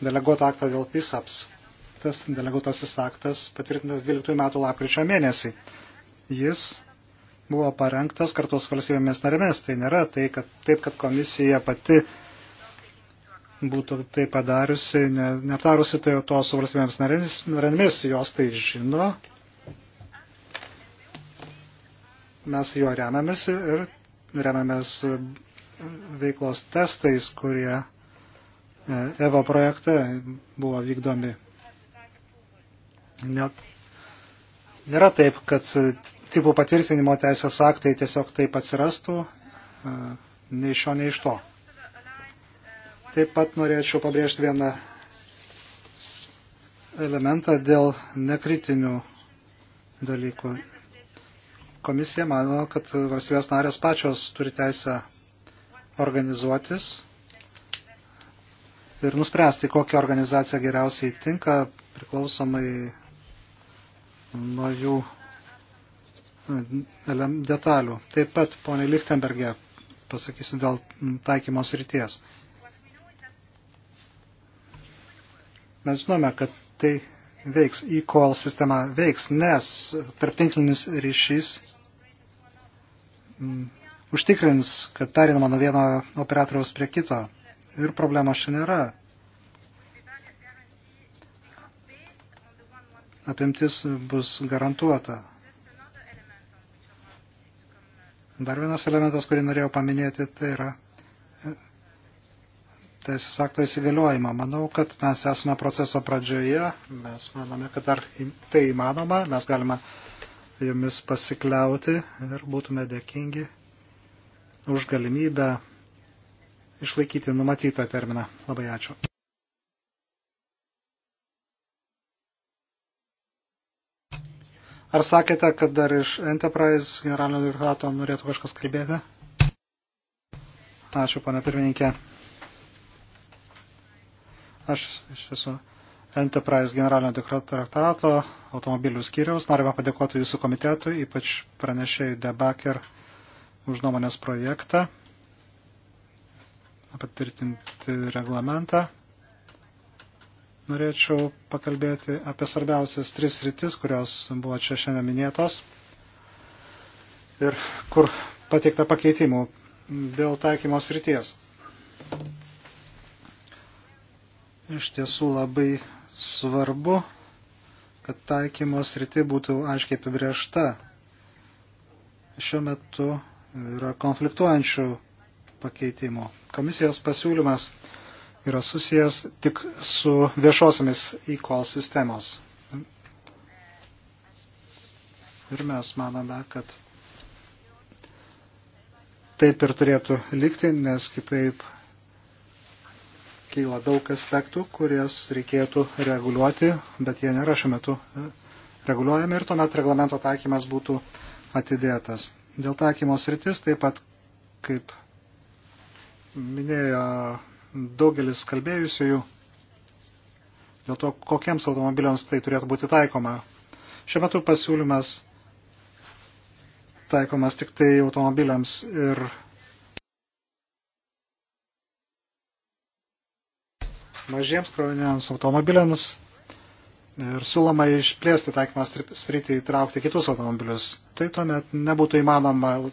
deleguotą aktą dėl PISAPS. Tas deleguotasis aktas patvirtintas 12 metų lapkričio mėnesį. Jis buvo parengtas kartu su valstybėmis narėmis. Tai nėra tai, kad, taip, kad komisija pati uh, būtų tai padariusi, ne, neaptarusi tai to su valstybėms narėmis, jos tai žino. Mes juo remiamės ir remiamės veiklos testais, kurie e, EVO projekte buvo vykdomi. Ne, nėra taip, kad tipų patvirtinimo teisės aktai tiesiog taip atsirastų, e, nei iš šio, nei iš to. Taip pat norėčiau pabrėžti vieną elementą dėl nekritinių dalykų. Komisija mano, kad valstybės narės pačios turi teisę organizuotis ir nuspręsti, kokią organizaciją geriausiai tinka priklausomai nuo jų e, detalių. Taip pat, ponė Lichtenbergė, pasakysiu dėl taikymos ryties. Mes žinome, kad tai veiks, e-call sistema veiks, nes tarptinklinis ryšys m, mm, užtikrins, kad perinama nuo vieno operatoriaus prie kito. Ir problemos čia nėra. Apimtis bus garantuota. Dar vienas elementas, kurį norėjau paminėti, tai yra teisės akto įsigaliojimą. Manau, kad mes esame proceso pradžioje, mes manome, kad dar tai įmanoma, mes galime jumis pasikliauti ir būtume dėkingi už galimybę išlaikyti numatytą terminą. Labai ačiū. Ar sakėte, kad dar iš Enterprise generalinio direktorato norėtų kažkas kalbėti? Ačiū, pane pirmininkė. Aš iš esu Enterprise generalinio direktorato automobilių skyriaus. Norime padėkoti jūsų komitetui, ypač pranešėjai Debaker už nuomonės projektą, patvirtinti reglamentą. Norėčiau pakalbėti apie svarbiausias tris rytis, kurios buvo čia šiandien minėtos ir kur pateikta pakeitimų dėl taikymos ryties. iš tiesų labai svarbu, kad taikymos rytį būtų aiškiai apibriešta. Šiuo metu yra konfliktuojančių pakeitimų. Komisijos pasiūlymas yra susijęs tik su viešosiamis e-call sistemos. Ir mes manome, kad taip ir turėtų likti, nes kitaip kyla daug aspektų, kurias reikėtų reguliuoti, bet jie nėra šiuo metu e, reguliuojami ir tuomet reglamento taikymas būtų atidėtas. Dėl taikymo sritis taip pat, kaip minėjo daugelis kalbėjusiųjų, dėl to, kokiems automobiliams tai turėtų būti taikoma. Šiuo metu pasiūlymas taikomas tik tai automobiliams ir mažiems krovininiams automobiliams ir siūloma išplėsti taikymą sritį įtraukti kitus automobilius. Tai tuomet nebūtų įmanoma e,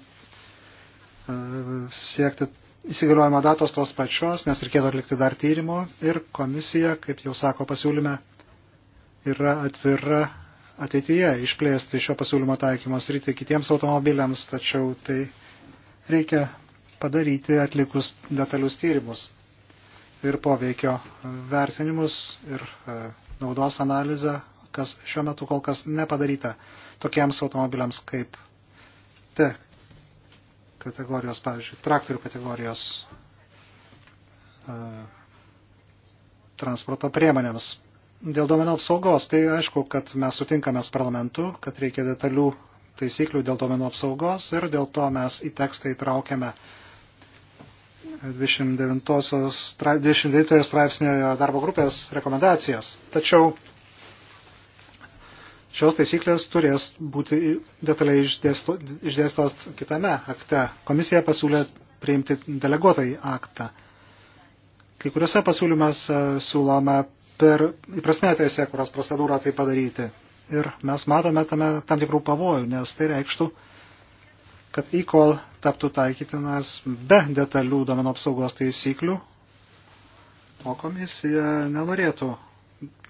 siekti įsigaliojimo datos tos pačios, nes reikėtų atlikti dar tyrimo ir komisija, kaip jau sako pasiūlyme, yra atvira ateityje išplėsti šio pasiūlymo taikymo sritį kitiems automobiliams, tačiau tai reikia padaryti atlikus detalius tyrimus ir poveikio vertinimus ir e, naudos analizę, kas šiuo metu kol kas nepadaryta tokiems automobiliams kaip T kategorijos, pavyzdžiui, traktorių kategorijos e, transporto priemonėms. Dėl duomenų apsaugos, tai aišku, kad mes sutinkame su parlamentu, kad reikia detalių taisyklių dėl duomenų apsaugos ir dėl to mes į tekstą įtraukiame uh, 29 straipsnio darbo grupės rekomendacijas. Tačiau šios taisyklės turės būti detaliai išdėstos kitame akte. Komisija pasiūlė priimti deleguotąjį aktą. Kai kuriuose pasiūlymuose siūloma per įprasnę teisę, kurios procedūrą tai padaryti. Ir mes matome tame tam tikrų pavojų, nes tai reikštų, kad e-call taptų taikytinas be detalių domenų apsaugos taisyklių, o komisija nenorėtų,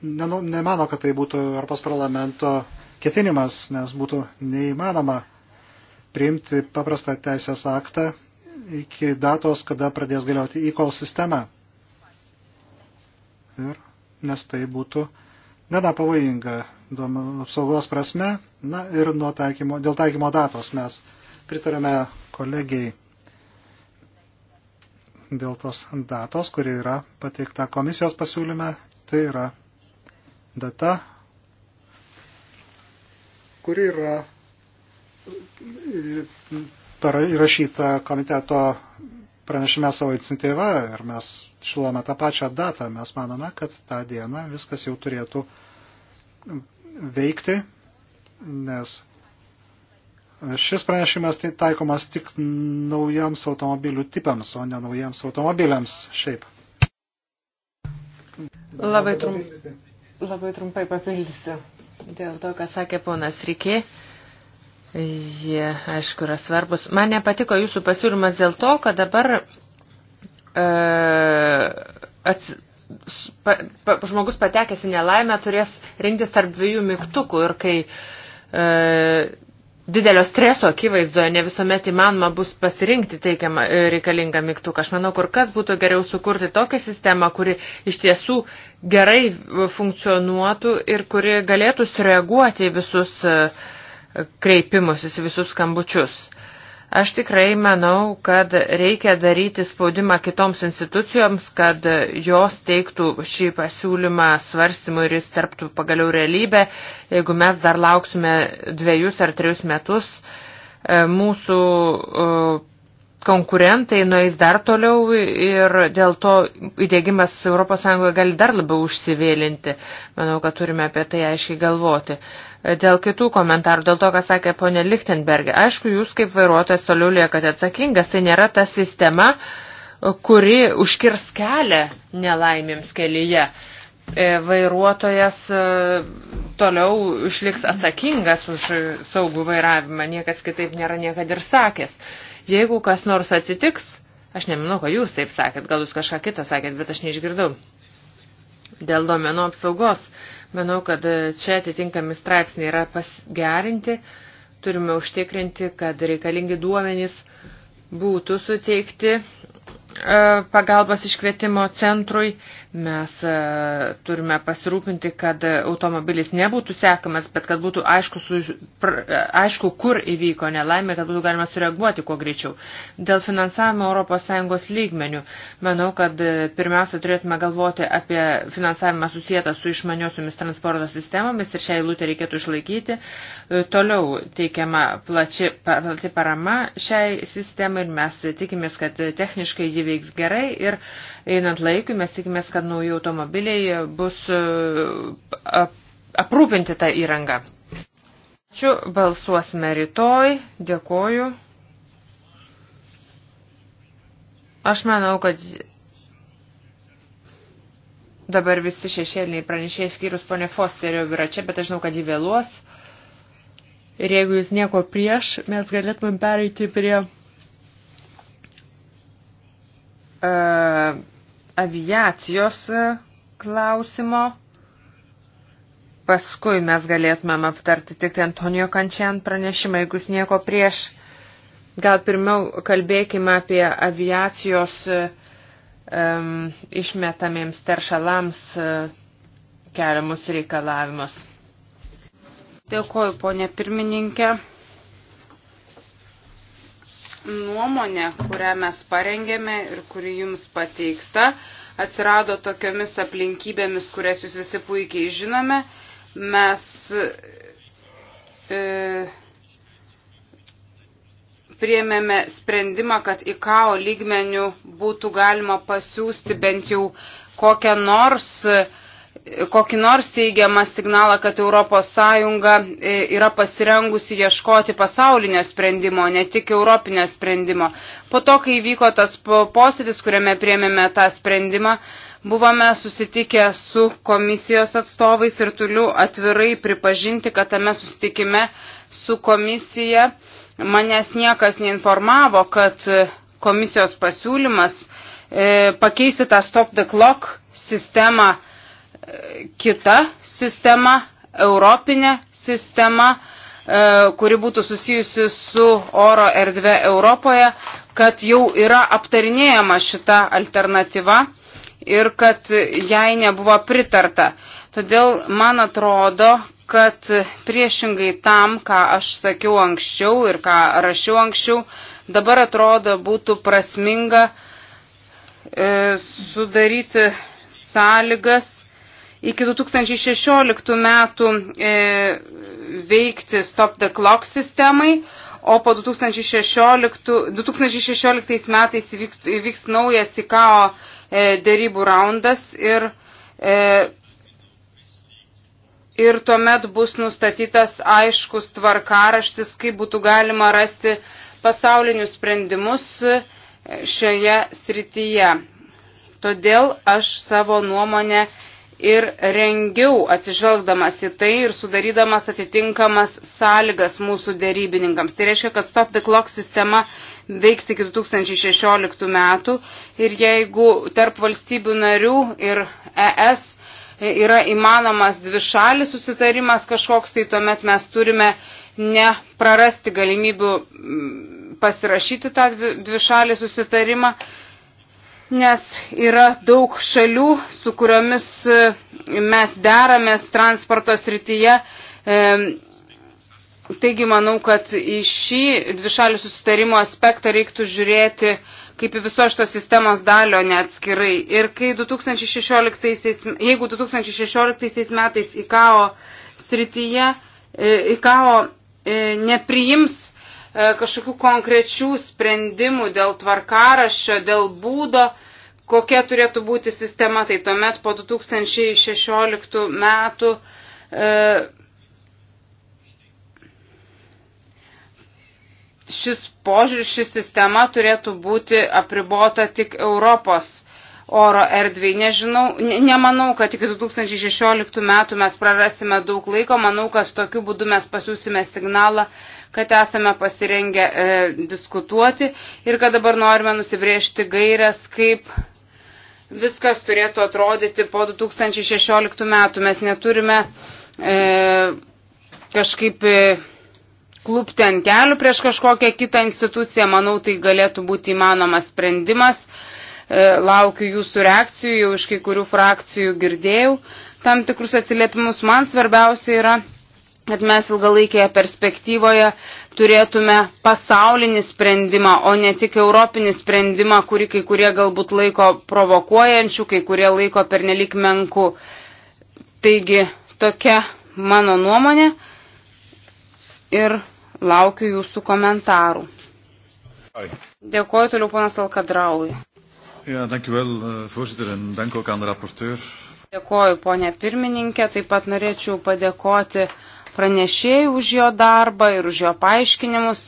nenu, nemano, kad tai būtų Europos parlamento ketinimas, nes būtų neįmanoma priimti paprastą teisės aktą iki datos, kada pradės galioti e-call sistema. Ir, nes tai būtų gana pavojinga apsaugos prasme, na ir nuo taikymo, dėl taikymo datos mes Pritarėme kolegijai dėl tos datos, kuri yra pateikta komisijos pasiūlyme. Tai yra data, kuri yra įrašyta komiteto pranešime savo iniciatyvą ir mes šilome tą pačią datą. Mes manome, kad tą dieną viskas jau turėtų veikti, nes Šis pranešimas tai taikomas tik naujams automobilių tipams, o ne naujams automobiliams šiaip. Labai, trump, labai trumpai papildysiu dėl to, ką sakė ponas Rikė. Jie, aišku, yra svarbus. Man nepatiko jūsų pasiūlymas dėl to, kad dabar e, ats, pa, pa, žmogus patekęs į nelaimę turės rinktis tarp dviejų mygtukų ir kai e, didelio streso akivaizdoje ne visuomet įmanoma bus pasirinkti teikiamą e, reikalingą mygtuką. Aš manau, kur kas būtų geriau sukurti tokią sistemą, kuri iš tiesų gerai e, funkcionuotų ir kuri galėtų sureaguoti į visus e, kreipimus, į visus skambučius. Uh, Aš tikrai manau, kad reikia daryti spaudimą kitoms institucijoms, kad jos teiktų šį pasiūlymą svarstymui ir jis tarptų pagaliau realybę. Jeigu mes dar lauksime dviejus ar trejus metus, e, mūsų e, konkurentai nueis dar toliau ir dėl to įdėgymas ES gali dar labiau užsivėlinti. Manau, kad turime apie tai aiškiai galvoti. Dėl kitų komentarų, dėl to, ką sakė ponė Lichtenbergė, aišku, jūs kaip vairuotojas toliau liekate atsakingas, tai nėra ta sistema, kuri užkirs kelią nelaimėms kelyje. E, vairuotojas e, toliau išliks atsakingas už saugų vairavimą, niekas kitaip nėra niekada ir sakęs. Jeigu kas nors atsitiks, aš nemanau, kad jūs taip sakėt, gal jūs kažką kitą sakėt, bet aš neišgirdau. Dėl domenų apsaugos, manau, kad čia atitinkami straipsniai yra pasgerinti, turime užtikrinti, kad reikalingi duomenys būtų suteikti e, pagalbos iškvietimo centrui Mes e, turime pasirūpinti, kad automobilis nebūtų sekamas, bet kad būtų aišku, su, e, aišku kur įvyko nelaimė, kad būtų galima sureaguoti kuo greičiau. Dėl finansavimo ES lygmenių, manau, kad e, pirmiausia turėtume galvoti apie finansavimą susijęta su išmaniosiomis transporto sistemomis ir šią eilutę reikėtų išlaikyti. Toliau teikiama plači, plati parama šiai sistemai ir mes tikimės, kad techniškai ji veiks gerai ir einant laikui mes tikimės, kad kad nauji automobiliai bus e, aprūpinti tą įrangą. Ačiū, balsuosime rytoj, dėkoju. Aš manau, kad dabar visi šešėliniai pranešėjai skyrus ponė Fosterio yra čia, bet aš žinau, kad jį vėluos. Ir jeigu jūs nieko prieš, mes galėtumėm pereiti prie uh, aviacijos e, klausimo. Paskui mes galėtumėm aptarti tik tai Antonijo Kančian pranešimą, jeigu jūs nieko prieš. Gal pirmiau kalbėkime apie aviacijos um, išmetamiems teršalams uh, keliamus reikalavimus. Dėkuoju, ponė pirmininkė nuomonė, kurią mes parengėme ir kuri jums pateikta, atsirado tokiomis aplinkybėmis, kurias jūs visi puikiai žinome. Mes e, priemėme sprendimą, kad į KAO lygmenių būtų galima pasiūsti bent jau kokią nors e, kokį nors teigiamą signalą, kad ES e, yra pasirengusi ieškoti pasaulinio sprendimo, ne tik europinio sprendimo. Po to, kai vyko tas posėdis, kuriame priemėme tą sprendimą, buvome susitikę su komisijos atstovais ir turiu atvirai pripažinti, kad tame susitikime su komisija manęs niekas neinformavo, kad komisijos pasiūlymas e, pakeisti tą stop the clock sistemą kita sistema, europinė sistema, e, kuri būtų susijusi su oro erdve Europoje, kad jau yra aptarinėjama šita alternatyva ir kad jai nebuvo pritarta. Todėl man atrodo, kad priešingai tam, ką aš sakiau anksčiau ir ką rašiau anksčiau, dabar atrodo būtų prasminga e, sudaryti sąlygas iki 2016 metų e, veikti Stop the Clock sistemai, o po 2016, 2016 metais įvyks, įvyks naujas IKAO e, dėrybų raundas ir, e, ir tuomet bus nustatytas aiškus tvarkaraštis, kaip būtų galima rasti pasaulinius sprendimus e, šioje srityje. Todėl aš savo nuomonę ir rengiau atsižvelgdamas į tai ir sudarydamas atitinkamas sąlygas mūsų dėrybininkams. Tai reiškia, kad Stop the Clock sistema veiks iki 2016 metų ir jeigu tarp valstybių narių ir ES yra įmanomas dvišalis susitarimas kažkoks, tai tuomet mes turime neprarasti galimybių mm, pasirašyti tą dvišalį susitarimą nes yra daug šalių, su kuriomis e, mes deramės transporto srityje. E, taigi manau, kad į šį dvišalių susitarimo aspektą reiktų žiūrėti kaip į viso šitos sistemos dalio neatskirai. Ir kai 2016, jeigu 2016 metais IKAO srityje, e, IKAO nepriims E, kažkokių konkrečių sprendimų dėl tvarkaraščio, dėl būdo, kokia turėtų būti sistema, tai tuomet po 2016 metų e, šis požiūris, ši sistema turėtų būti apribota tik Europos oro erdvėj. Nežinau, ne, nemanau, kad iki 2016 metų mes prarasime daug laiko, manau, kad tokiu būdu mes pasiūsime signalą uh, kad esame pasirengę e, diskutuoti ir kad dabar norime nusibriežti gairias, kaip viskas turėtų atrodyti po 2016 metų. Mes neturime e, kažkaip. E, klupti ant kelių prieš kažkokią kitą instituciją, manau, tai galėtų būti įmanomas sprendimas. E, laukiu jūsų reakcijų, jau iš kai kurių frakcijų girdėjau tam tikrus atsiliepimus. Man svarbiausia yra kad mes ilgalaikėje perspektyvoje turėtume pasaulinį sprendimą, o ne tik europinį sprendimą, kurį kai kurie galbūt laiko provokuojančių, kai kurie laiko pernelik menku. Taigi tokia mano nuomonė ir laukiu jūsų komentarų. Dėkuoju toliau ponas Alkadraui. Ja, dankjewel, uh, voorzitter, en dank ook aan de rapporteur. Dėkuoju, ponė pirmininkė, taip pat norėčiau padėkoti uh, pranešėjui už jo darbą ir už jo paaiškinimus.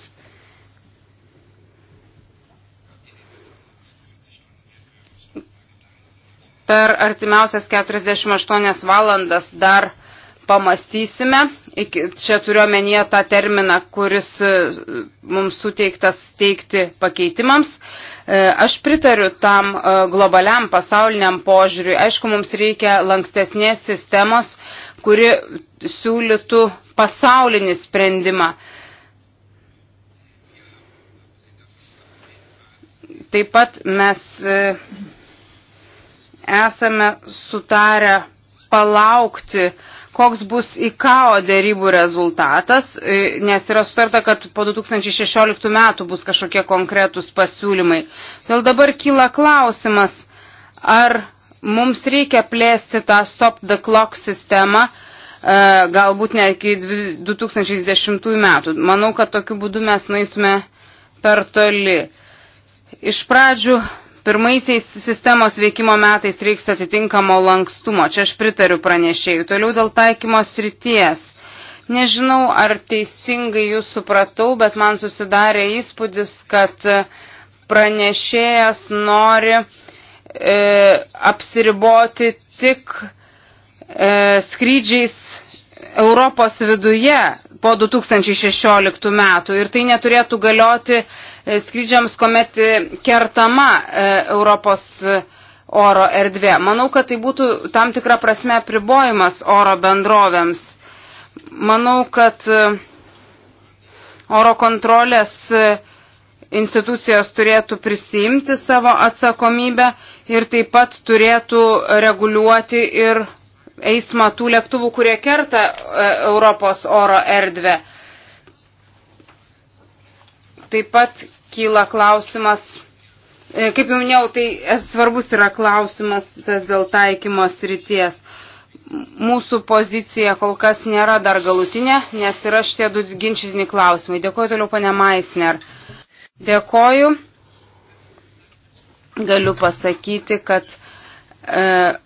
Per artimiausias 48 valandas dar pamastysime. Iki, čia turiuomenyje tą terminą, kuris e, mums suteiktas teikti pakeitimams. E, aš pritariu tam e, globaliam pasauliniam požiūriui. Aišku, mums reikia lankstesnės sistemos, kuri siūlytų pasaulinį sprendimą. Taip pat mes esame sutarę palaukti, koks bus IKAO dėrybų rezultatas, e, nes yra sutarta, kad po 2016 metų bus kažkokie konkretūs pasiūlymai. Dėl dabar kyla klausimas, ar mums reikia plėsti tą stop the clock sistemą, e, galbūt net iki 2010 metų. Manau, kad tokiu būdu mes nueitume per toli. Iš pradžių pirmaisiais sistemos veikimo metais reiks atitinkamo lankstumo. Čia aš pritariu pranešėjų. Toliau dėl taikymo srities. Nežinau, ar teisingai jūs supratau, bet man susidarė įspūdis, kad pranešėjas nori e, apsiriboti tik e, skrydžiais Europos viduje po 2016 metų ir tai neturėtų galioti e, skrydžiams, kuomet e, kertama e, Europos oro erdvė. Manau, kad tai būtų tam tikra prasme pribojimas oro bendrovėms. Manau, kad oro kontrolės institucijos turėtų prisimti savo atsakomybę ir taip pat turėtų reguliuoti ir eismą tų lėktuvų, kurie kerta e, Europos oro erdvę. Taip pat kyla klausimas, e, kaip jau minėjau, tai svarbus yra klausimas tas dėl taikymos ryties. Mūsų pozicija kol kas nėra dar galutinė, nes yra šitie du ginčytini klausimai. Dėkuoju toliau, pane Maisner. Dėkuoju. Galiu pasakyti, kad e,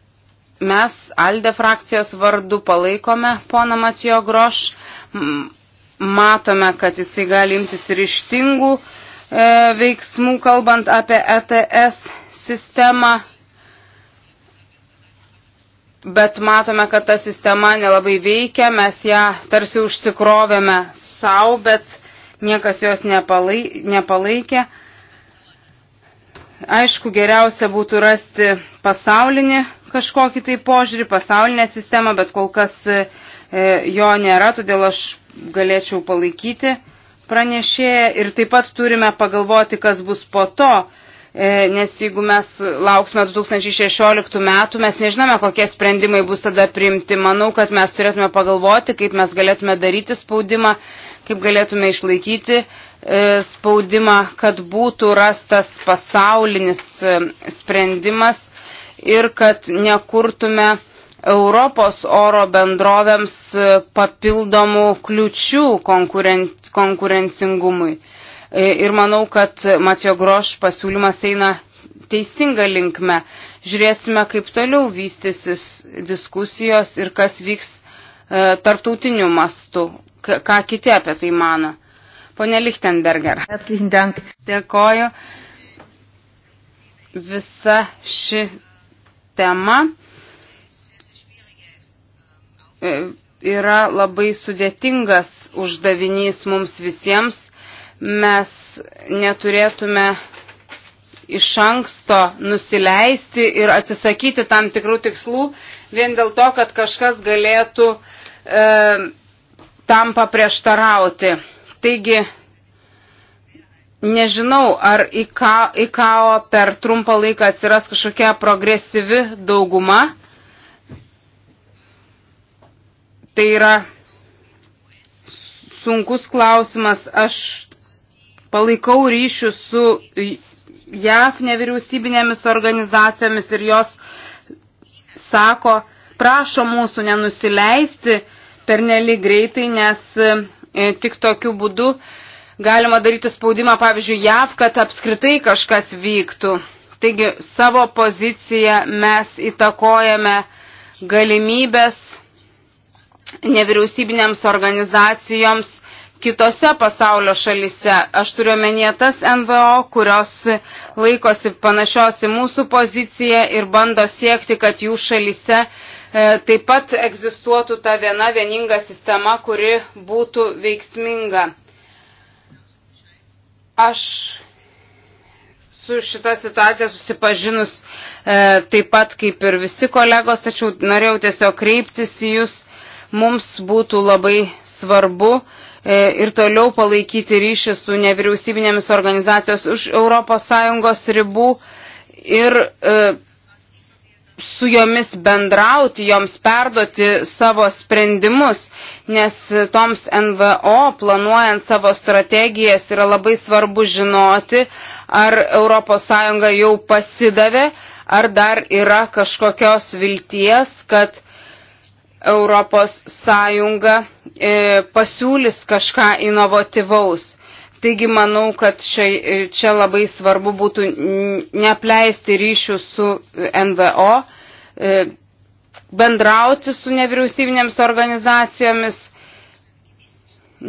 Mes Alde frakcijos vardu palaikome poną Matijo Groš. Matome, kad jisai gali imtis ryštingų e, veiksmų, kalbant apie ETS sistemą. Bet matome, kad ta sistema nelabai veikia, mes ją tarsi užsikrovėme savo, bet niekas jos nepalai, nepalaikė. Aišku, geriausia būtų rasti pasaulinį kažkokį tai požiūrį, pasaulinę sistemą, bet kol kas e, e, jo nėra, todėl aš galėčiau palaikyti pranešėją ir taip pat turime pagalvoti, kas bus po to, e, nes jeigu mes lauksime 2016 metų, mes nežinome, kokie sprendimai bus tada priimti. Manau, kad mes turėtume pagalvoti, kaip mes galėtume daryti spaudimą, kaip galėtume išlaikyti spaudimą, kad būtų rastas pasaulinis sprendimas ir kad nekurtume Europos oro bendrovėms papildomų kliučių konkurenc konkurencingumui. E, ir manau, kad Matijo Groš pasiūlymas eina teisinga linkme. Žiūrėsime, kaip toliau vystysis diskusijos ir kas vyks e, tarptautiniu mastu, ką kiti apie tai mano. Pone Lichtenberger. Dėkoju. Visa ši sistema e, yra labai sudėtingas uždavinys mums visiems. Mes neturėtume iš anksto nusileisti ir atsisakyti tam tikrų tikslų vien dėl to, kad kažkas galėtų e, tam paprieštarauti. Taigi Nežinau, ar į KAO per trumpą laiką atsiras kažkokia progresyvi dauguma. Tai yra sunkus klausimas. Aš palaikau ryšių su JAF nevyriausybinėmis organizacijomis ir jos sako, prašo mūsų nenusileisti per nelik greitai, nes e, tik tokiu būdu uh, galima daryti spaudimą, pavyzdžiui, JAV, kad apskritai kažkas vyktų. Taigi savo poziciją mes įtakojame galimybės nevyriausybinėms organizacijoms kitose pasaulio šalise. Aš turiu omenyje tas NVO, kurios laikosi panašios į mūsų poziciją ir bando siekti, kad jų šalise e, taip pat egzistuotų ta viena vieninga sistema, kuri būtų veiksminga. Aš su šita situacija susipažinus e, taip pat kaip ir visi kolegos, tačiau norėjau tiesiog kreiptis į jūs. Mums būtų labai svarbu e, ir toliau palaikyti ryšį su nevyriausybinėmis organizacijos už ES ribų ir e, su jomis bendrauti, joms perduoti savo sprendimus, nes toms NVO planuojant savo strategijas yra labai svarbu žinoti, ar ES jau pasidavė, ar dar yra kažkokios vilties, kad ES e, pasiūlys kažką inovatyvaus. Taigi manau, kad čia, čia labai svarbu būtų neapleisti ryšių su NVO, e, bendrauti su nevyriausybinėms organizacijomis,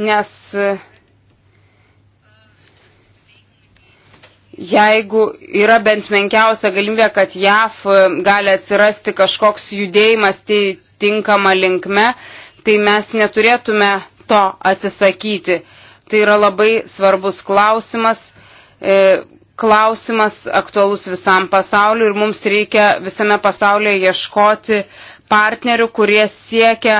nes e, jeigu yra bent menkiausia galimybė, kad JAF e, gali atsirasti kažkoks judėjimas tai tinkama linkme, tai mes neturėtume to atsisakyti Tai yra labai svarbus klausimas, e, klausimas aktualus visam pasauliu ir mums reikia visame pasaulyje ieškoti partnerių, kurie siekia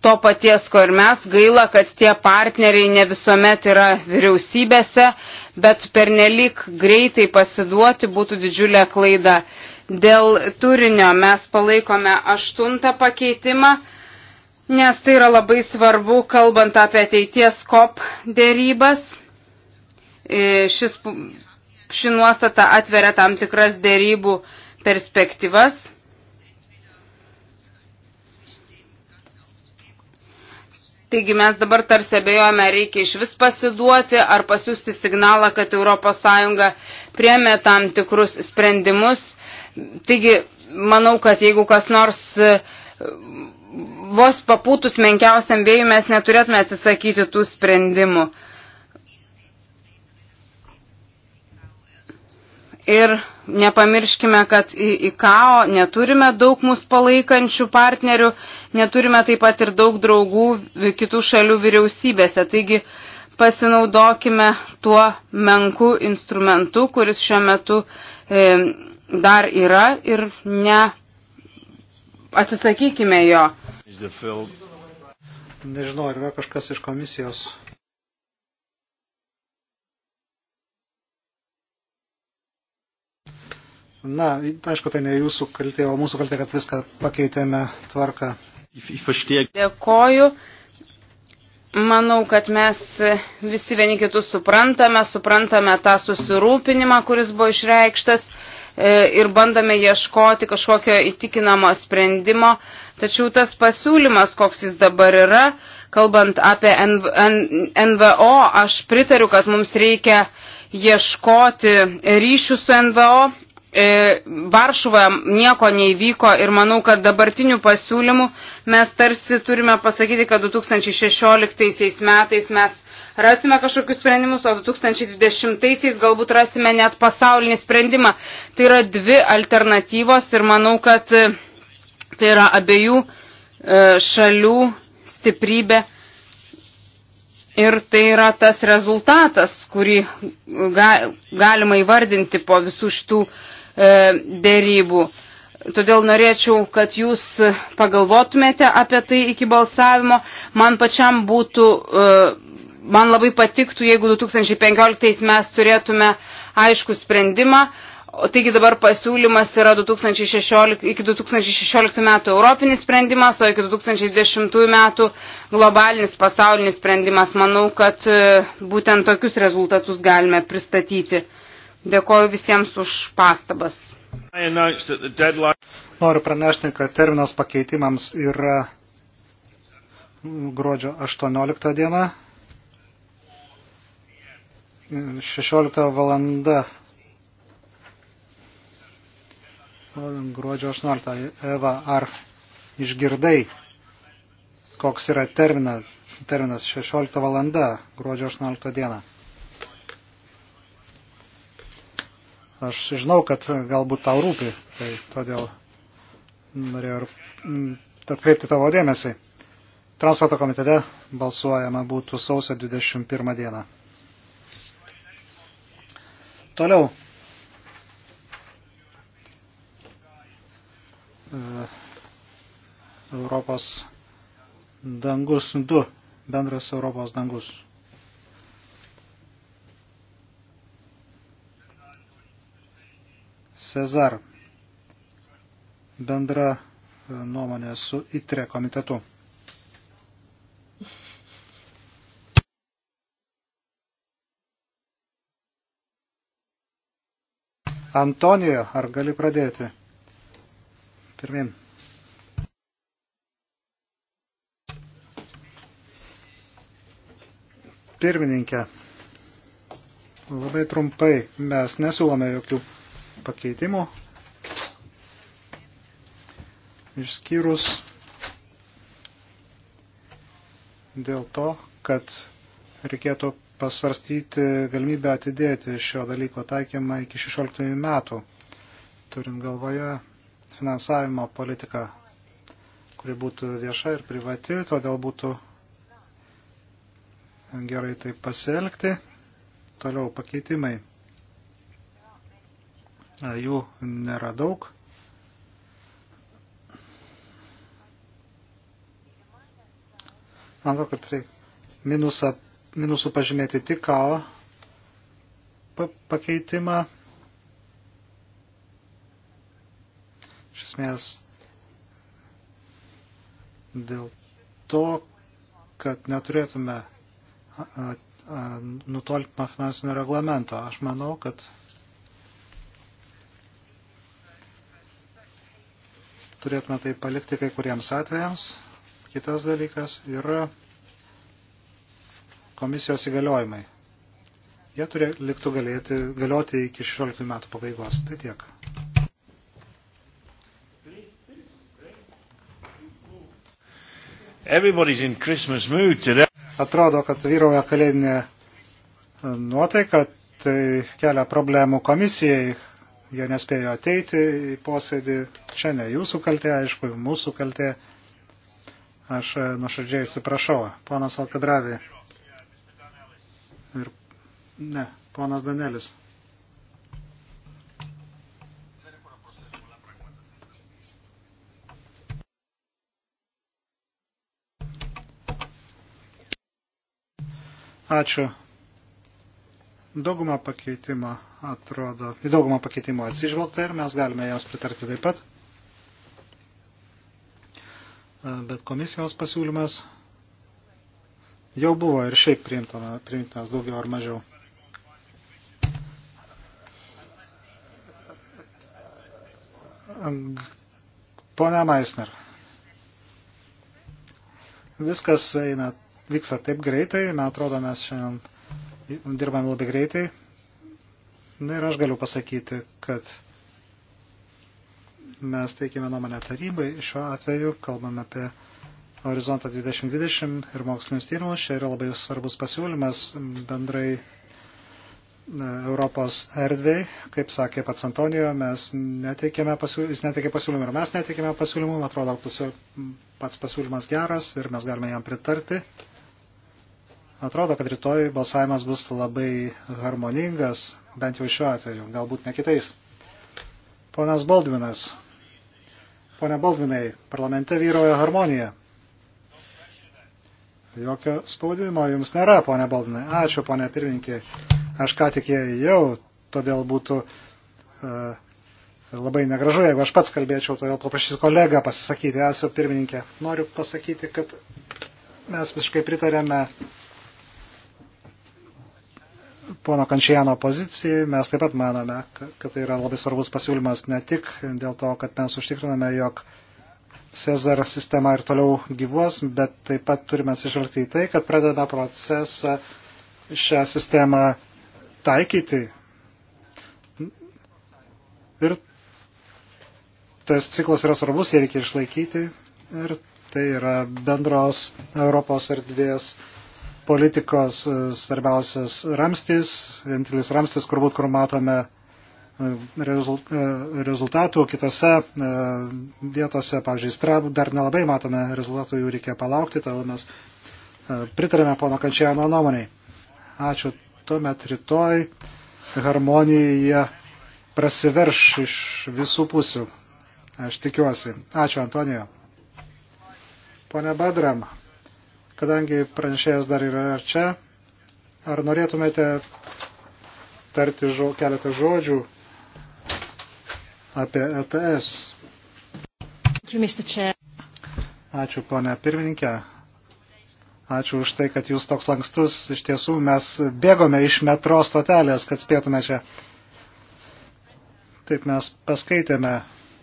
to paties, ko ir mes. Gaila, kad tie partneriai ne visuomet yra vyriausybėse, bet pernelik greitai pasiduoti būtų didžiulė klaida. Dėl turinio mes palaikome aštuntą pakeitimą nes tai yra labai svarbu, kalbant apie ateities kop dėrybas. E, šis, ši nuostata atveria tam tikras dėrybų perspektyvas. Taigi mes dabar tarsi abejojame, reikia iš vis pasiduoti ar pasiūsti signalą, kad ES priemė tam tikrus sprendimus. Taigi manau, kad jeigu kas nors vos papūtus menkiausiam vėjui mes neturėtume atsisakyti tų sprendimų. Ir nepamirškime, kad į, į KAO neturime daug mūsų palaikančių partnerių, neturime taip pat ir daug draugų kitų šalių vyriausybėse. Taigi pasinaudokime tuo menku instrumentu, kuris šiuo metu e, dar yra ir ne atsisakykime jo. Nežinau, ar yra kažkas iš komisijos. Na, aišku, tai ne jūsų kaltė, o mūsų kaltė, kad viską pakeitėme tvarką. Dėkoju. Manau, kad mes visi vieni kitus suprantame, suprantame tą susirūpinimą, kuris buvo išreikštas. E, ir bandome ieškoti kažkokio įtikinamo sprendimo, tačiau tas pasiūlymas, koks jis dabar yra, kalbant apie NVO, aš pritariu, kad mums reikia ieškoti ryšių su NVO. E, Varšuvoje nieko neįvyko ir manau, kad dabartinių pasiūlymų mes tarsi turime pasakyti, kad 2016 metais mes rasime kažkokius sprendimus, o 2020-aisiais galbūt rasime net pasaulinį sprendimą. Tai yra dvi alternatyvos ir manau, kad e, tai yra abiejų e, šalių stiprybė ir tai yra tas rezultatas, kurį ga, galima įvardinti po visų šitų e, dėrybų. Todėl norėčiau, kad jūs pagalvotumėte apie tai iki balsavimo. Man pačiam būtų e, man labai patiktų, jeigu 2015 mes turėtume aišku sprendimą. O taigi dabar pasiūlymas yra 2016, iki 2016 metų europinis sprendimas, o iki 2010 metų globalinis pasaulinis sprendimas. Manau, kad e, būtent tokius rezultatus galime pristatyti. Dėkoju visiems už pastabas. Noriu pranešti, kad terminas pakeitimams yra gruodžio 18 diena. 16 valanda. Gruodžio 18. Eva, ar išgirdai, koks yra terminas, terminas 16 valanda, gruodžio 18 diena? Aš žinau, kad galbūt tau rūpi, tai todėl norėjau ir mm, atkreipti tavo dėmesį. Transporto komitete balsuojama būtų sausio 21 dieną. Toliau. E, Europos dangus 2, bendras Europos dangus. Cezar, bendra e, nuomonė su ITRE komitetu. Antonijo, ar gali pradėti? Pirmin. Pirmininkė, labai trumpai, mes nesiūlome jokių pakeitimų, išskyrus dėl to, kad reikėtų pasvarstyti galimybę atidėti šio dalyko taikymą iki 16 metų, turint galvoje finansavimo politiką, kuri būtų vieša ir privati, todėl būtų gerai taip pasielgti. Toliau pakeitimai. Jų nėra daug. Man atrodo, kad reik minusą minusų pažymėti tik kao pakeitimą. Iš esmės dėl to, kad neturėtume nutolkimą finansinio reglamento. Aš manau, kad turėtume tai palikti kai kuriems atvejams. Kitas dalykas yra komisijos įgaliojimai. Jie turi liktų galėti, galioti iki 16 metų pabaigos. Tai tiek. Atrodo, kad vyrauja kalėdinė e, nuotaika, tai kelia problemų komisijai. Jie nespėjo ateiti į posėdį. Čia ne jūsų kaltė, aišku, mūsų kaltė. Aš e, nuoširdžiai atsiprašau. Ponas Alkadravė. Ne, ponas Danelis. Ačiū. Daugumą pakeitimą atrodo, į daugumą pakeitimą atsižvelgta ir mes galime jos pritarti taip pat. Bet komisijos pasiūlymas jau buvo ir šiaip priimtinas daugiau ar mažiau. Pone Maisner, viskas eina, vyksta taip greitai, man atrodo, mes šiandien dirbame labai greitai. Na ir aš galiu pasakyti, kad mes teikime nuomonę tarybai, šiuo atveju kalbame apie Horizontą 2020 ir mokslinius tyrimus. Čia yra labai svarbus pasiūlymas bendrai Europos erdviai, kaip sakė pats Antonijo, mes neteikėme pasiūlymų, jis neteikė pasiūlymų ir mes neteikėme pasiūlymų, atrodo, pats pasiūlymas geras ir mes galime jam pritarti. Atrodo, kad rytoj balsavimas bus labai harmoningas, bent jau šiuo atveju, galbūt ne kitais. Ponas Baldvinas. Pone Baldvinai, parlamente vyroja harmonija. Jokio spaudimo jums nėra, ponė Baldvinai. Ačiū, ponė pirmininkė. Aš ką tik jau, todėl būtų uh, labai negražu, jeigu aš pats kalbėčiau, todėl paprašysiu kolegą pasisakyti, esu pirmininkė. Noriu pasakyti, kad mes visiškai pritarėme pono Kančiano pozicijai, mes taip pat manome, kad tai yra labai svarbus pasiūlymas ne tik dėl to, kad mes užtikriname, jog Cezar sistema ir toliau gyvuos, bet taip pat turime atsižvelgti į tai, kad pradedame procesą šią sistemą taikyti. Ir tas ciklas yra svarbus, jį reikia išlaikyti. Ir tai yra bendros Europos erdvės politikos e, svarbiausias ramstis, vienintelis ramstis, kur būt, kur matome e, e, rezultatų kitose vietose, pavyzdžiui, strab, dar nelabai matome rezultatų, jų reikia palaukti, todėl mes pritarėme pono Kančiano nuomonėj. Ačiū tuomet rytoj harmonija prasiverš iš visų pusių. Aš tikiuosi. Ačiū, Antonijo. Pone Badram, kadangi pranešėjas dar yra čia, ar norėtumėte tarti žo, keletą žodžių apie ETS? Ačiū, ponė pirmininkė. Ačiū už tai, kad jūs toks lankstus. Iš tiesų, mes bėgome iš metro stotelės, kad spėtume čia. Taip mes paskaitėme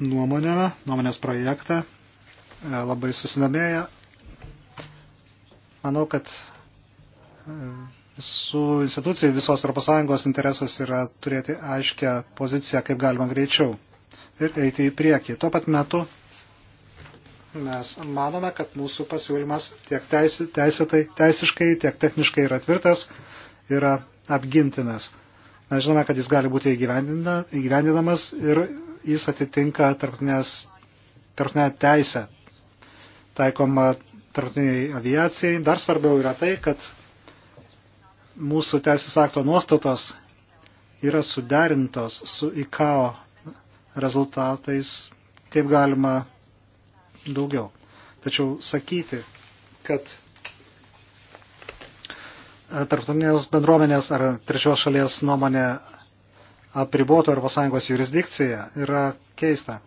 nuomonę, nuomonės projektą, e, labai susidomėję. Manau, kad e, visų institucijų, visos ES interesas yra turėti aiškę poziciją, kaip galima greičiau ir eiti į priekį. Tuo pat metu Mes manome, kad mūsų pasiūlymas tiek teisė, teisėtai, teisiškai, tiek techniškai yra tvirtas, yra apgintinas. Mes žinome, kad jis gali būti įgyvendinamas ir jis atitinka tarptautinę teisę taikoma tarptautiniai aviacijai. Dar svarbiau yra tai, kad mūsų teisės akto nuostatos yra suderintos su ICAO rezultatais, kaip galima daugiau. Tačiau sakyti, kad e, tarptautinės bendruomenės ar trečios šalies nuomonė apribotų ES jurisdikciją yra keista.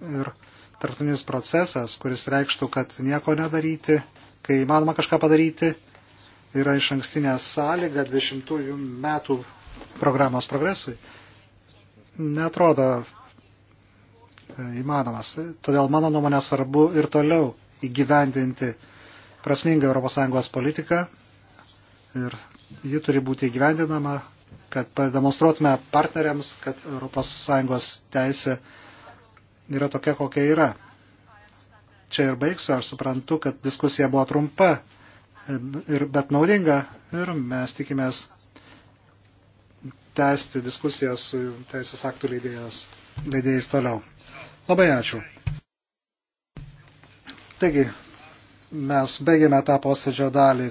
Ir tarptautinis procesas, kuris reikštų, kad nieko nedaryti, kai įmanoma kažką padaryti, yra iš ankstinė sąlyga 20 metų programos progresui. Netrodo įmanomas. Todėl mano nuomonė svarbu ir toliau įgyvendinti prasmingą ES politiką ir ji turi būti įgyvendinama, kad pademonstruotume partneriams, kad ES teisė yra tokia, kokia yra. Čia ir baigsiu, aš suprantu, kad diskusija buvo trumpa, ir, bet naudinga ir mes tikimės tęsti diskusiją su teisės aktų leidėjas, leidėjais toliau. Labai ačiū. Taigi, mes baigėme tą posėdžio dalį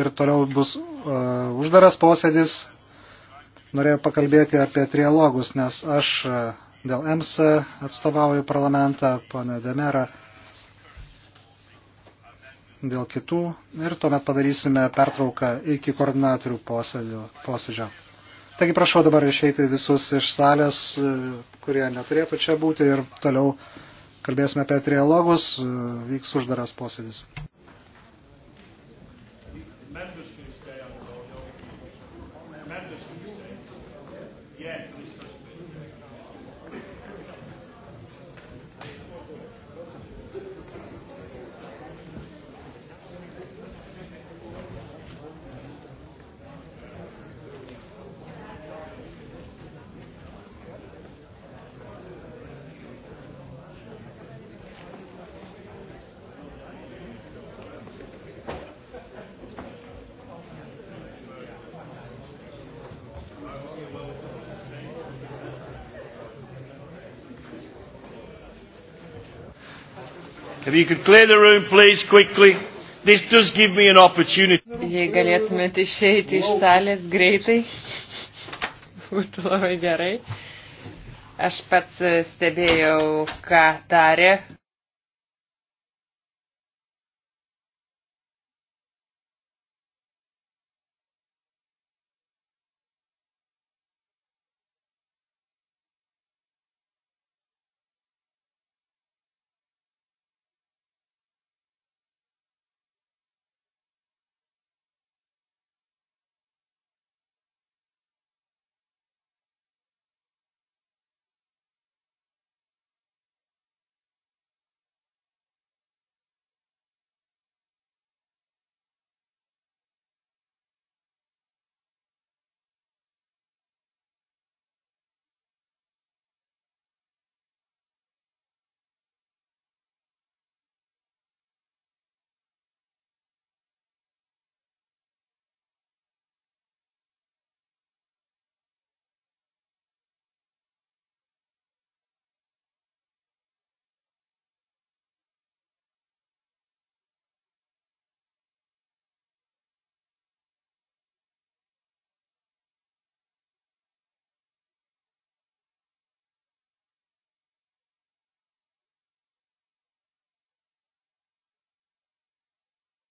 ir toliau bus uh, uždaras posėdis. Norėjau pakalbėti apie trialogus, nes aš uh, dėl EMS atstovauju parlamentą, ponė Demera, dėl kitų ir tuomet padarysime pertrauką iki koordinatorių posėdžio. posėdžio. Taigi prašau dabar išeiti visus iš salės, e, kurie neturėtų čia būti ir toliau kalbėsime apie trialogus, e, vyks uždaras posėdis. If you could clear the room, please, quickly. This does give me an opportunity. Jei galėtumėte išeiti iš salės greitai, būtų labai gerai. Aš pats e, stebėjau, ką tarė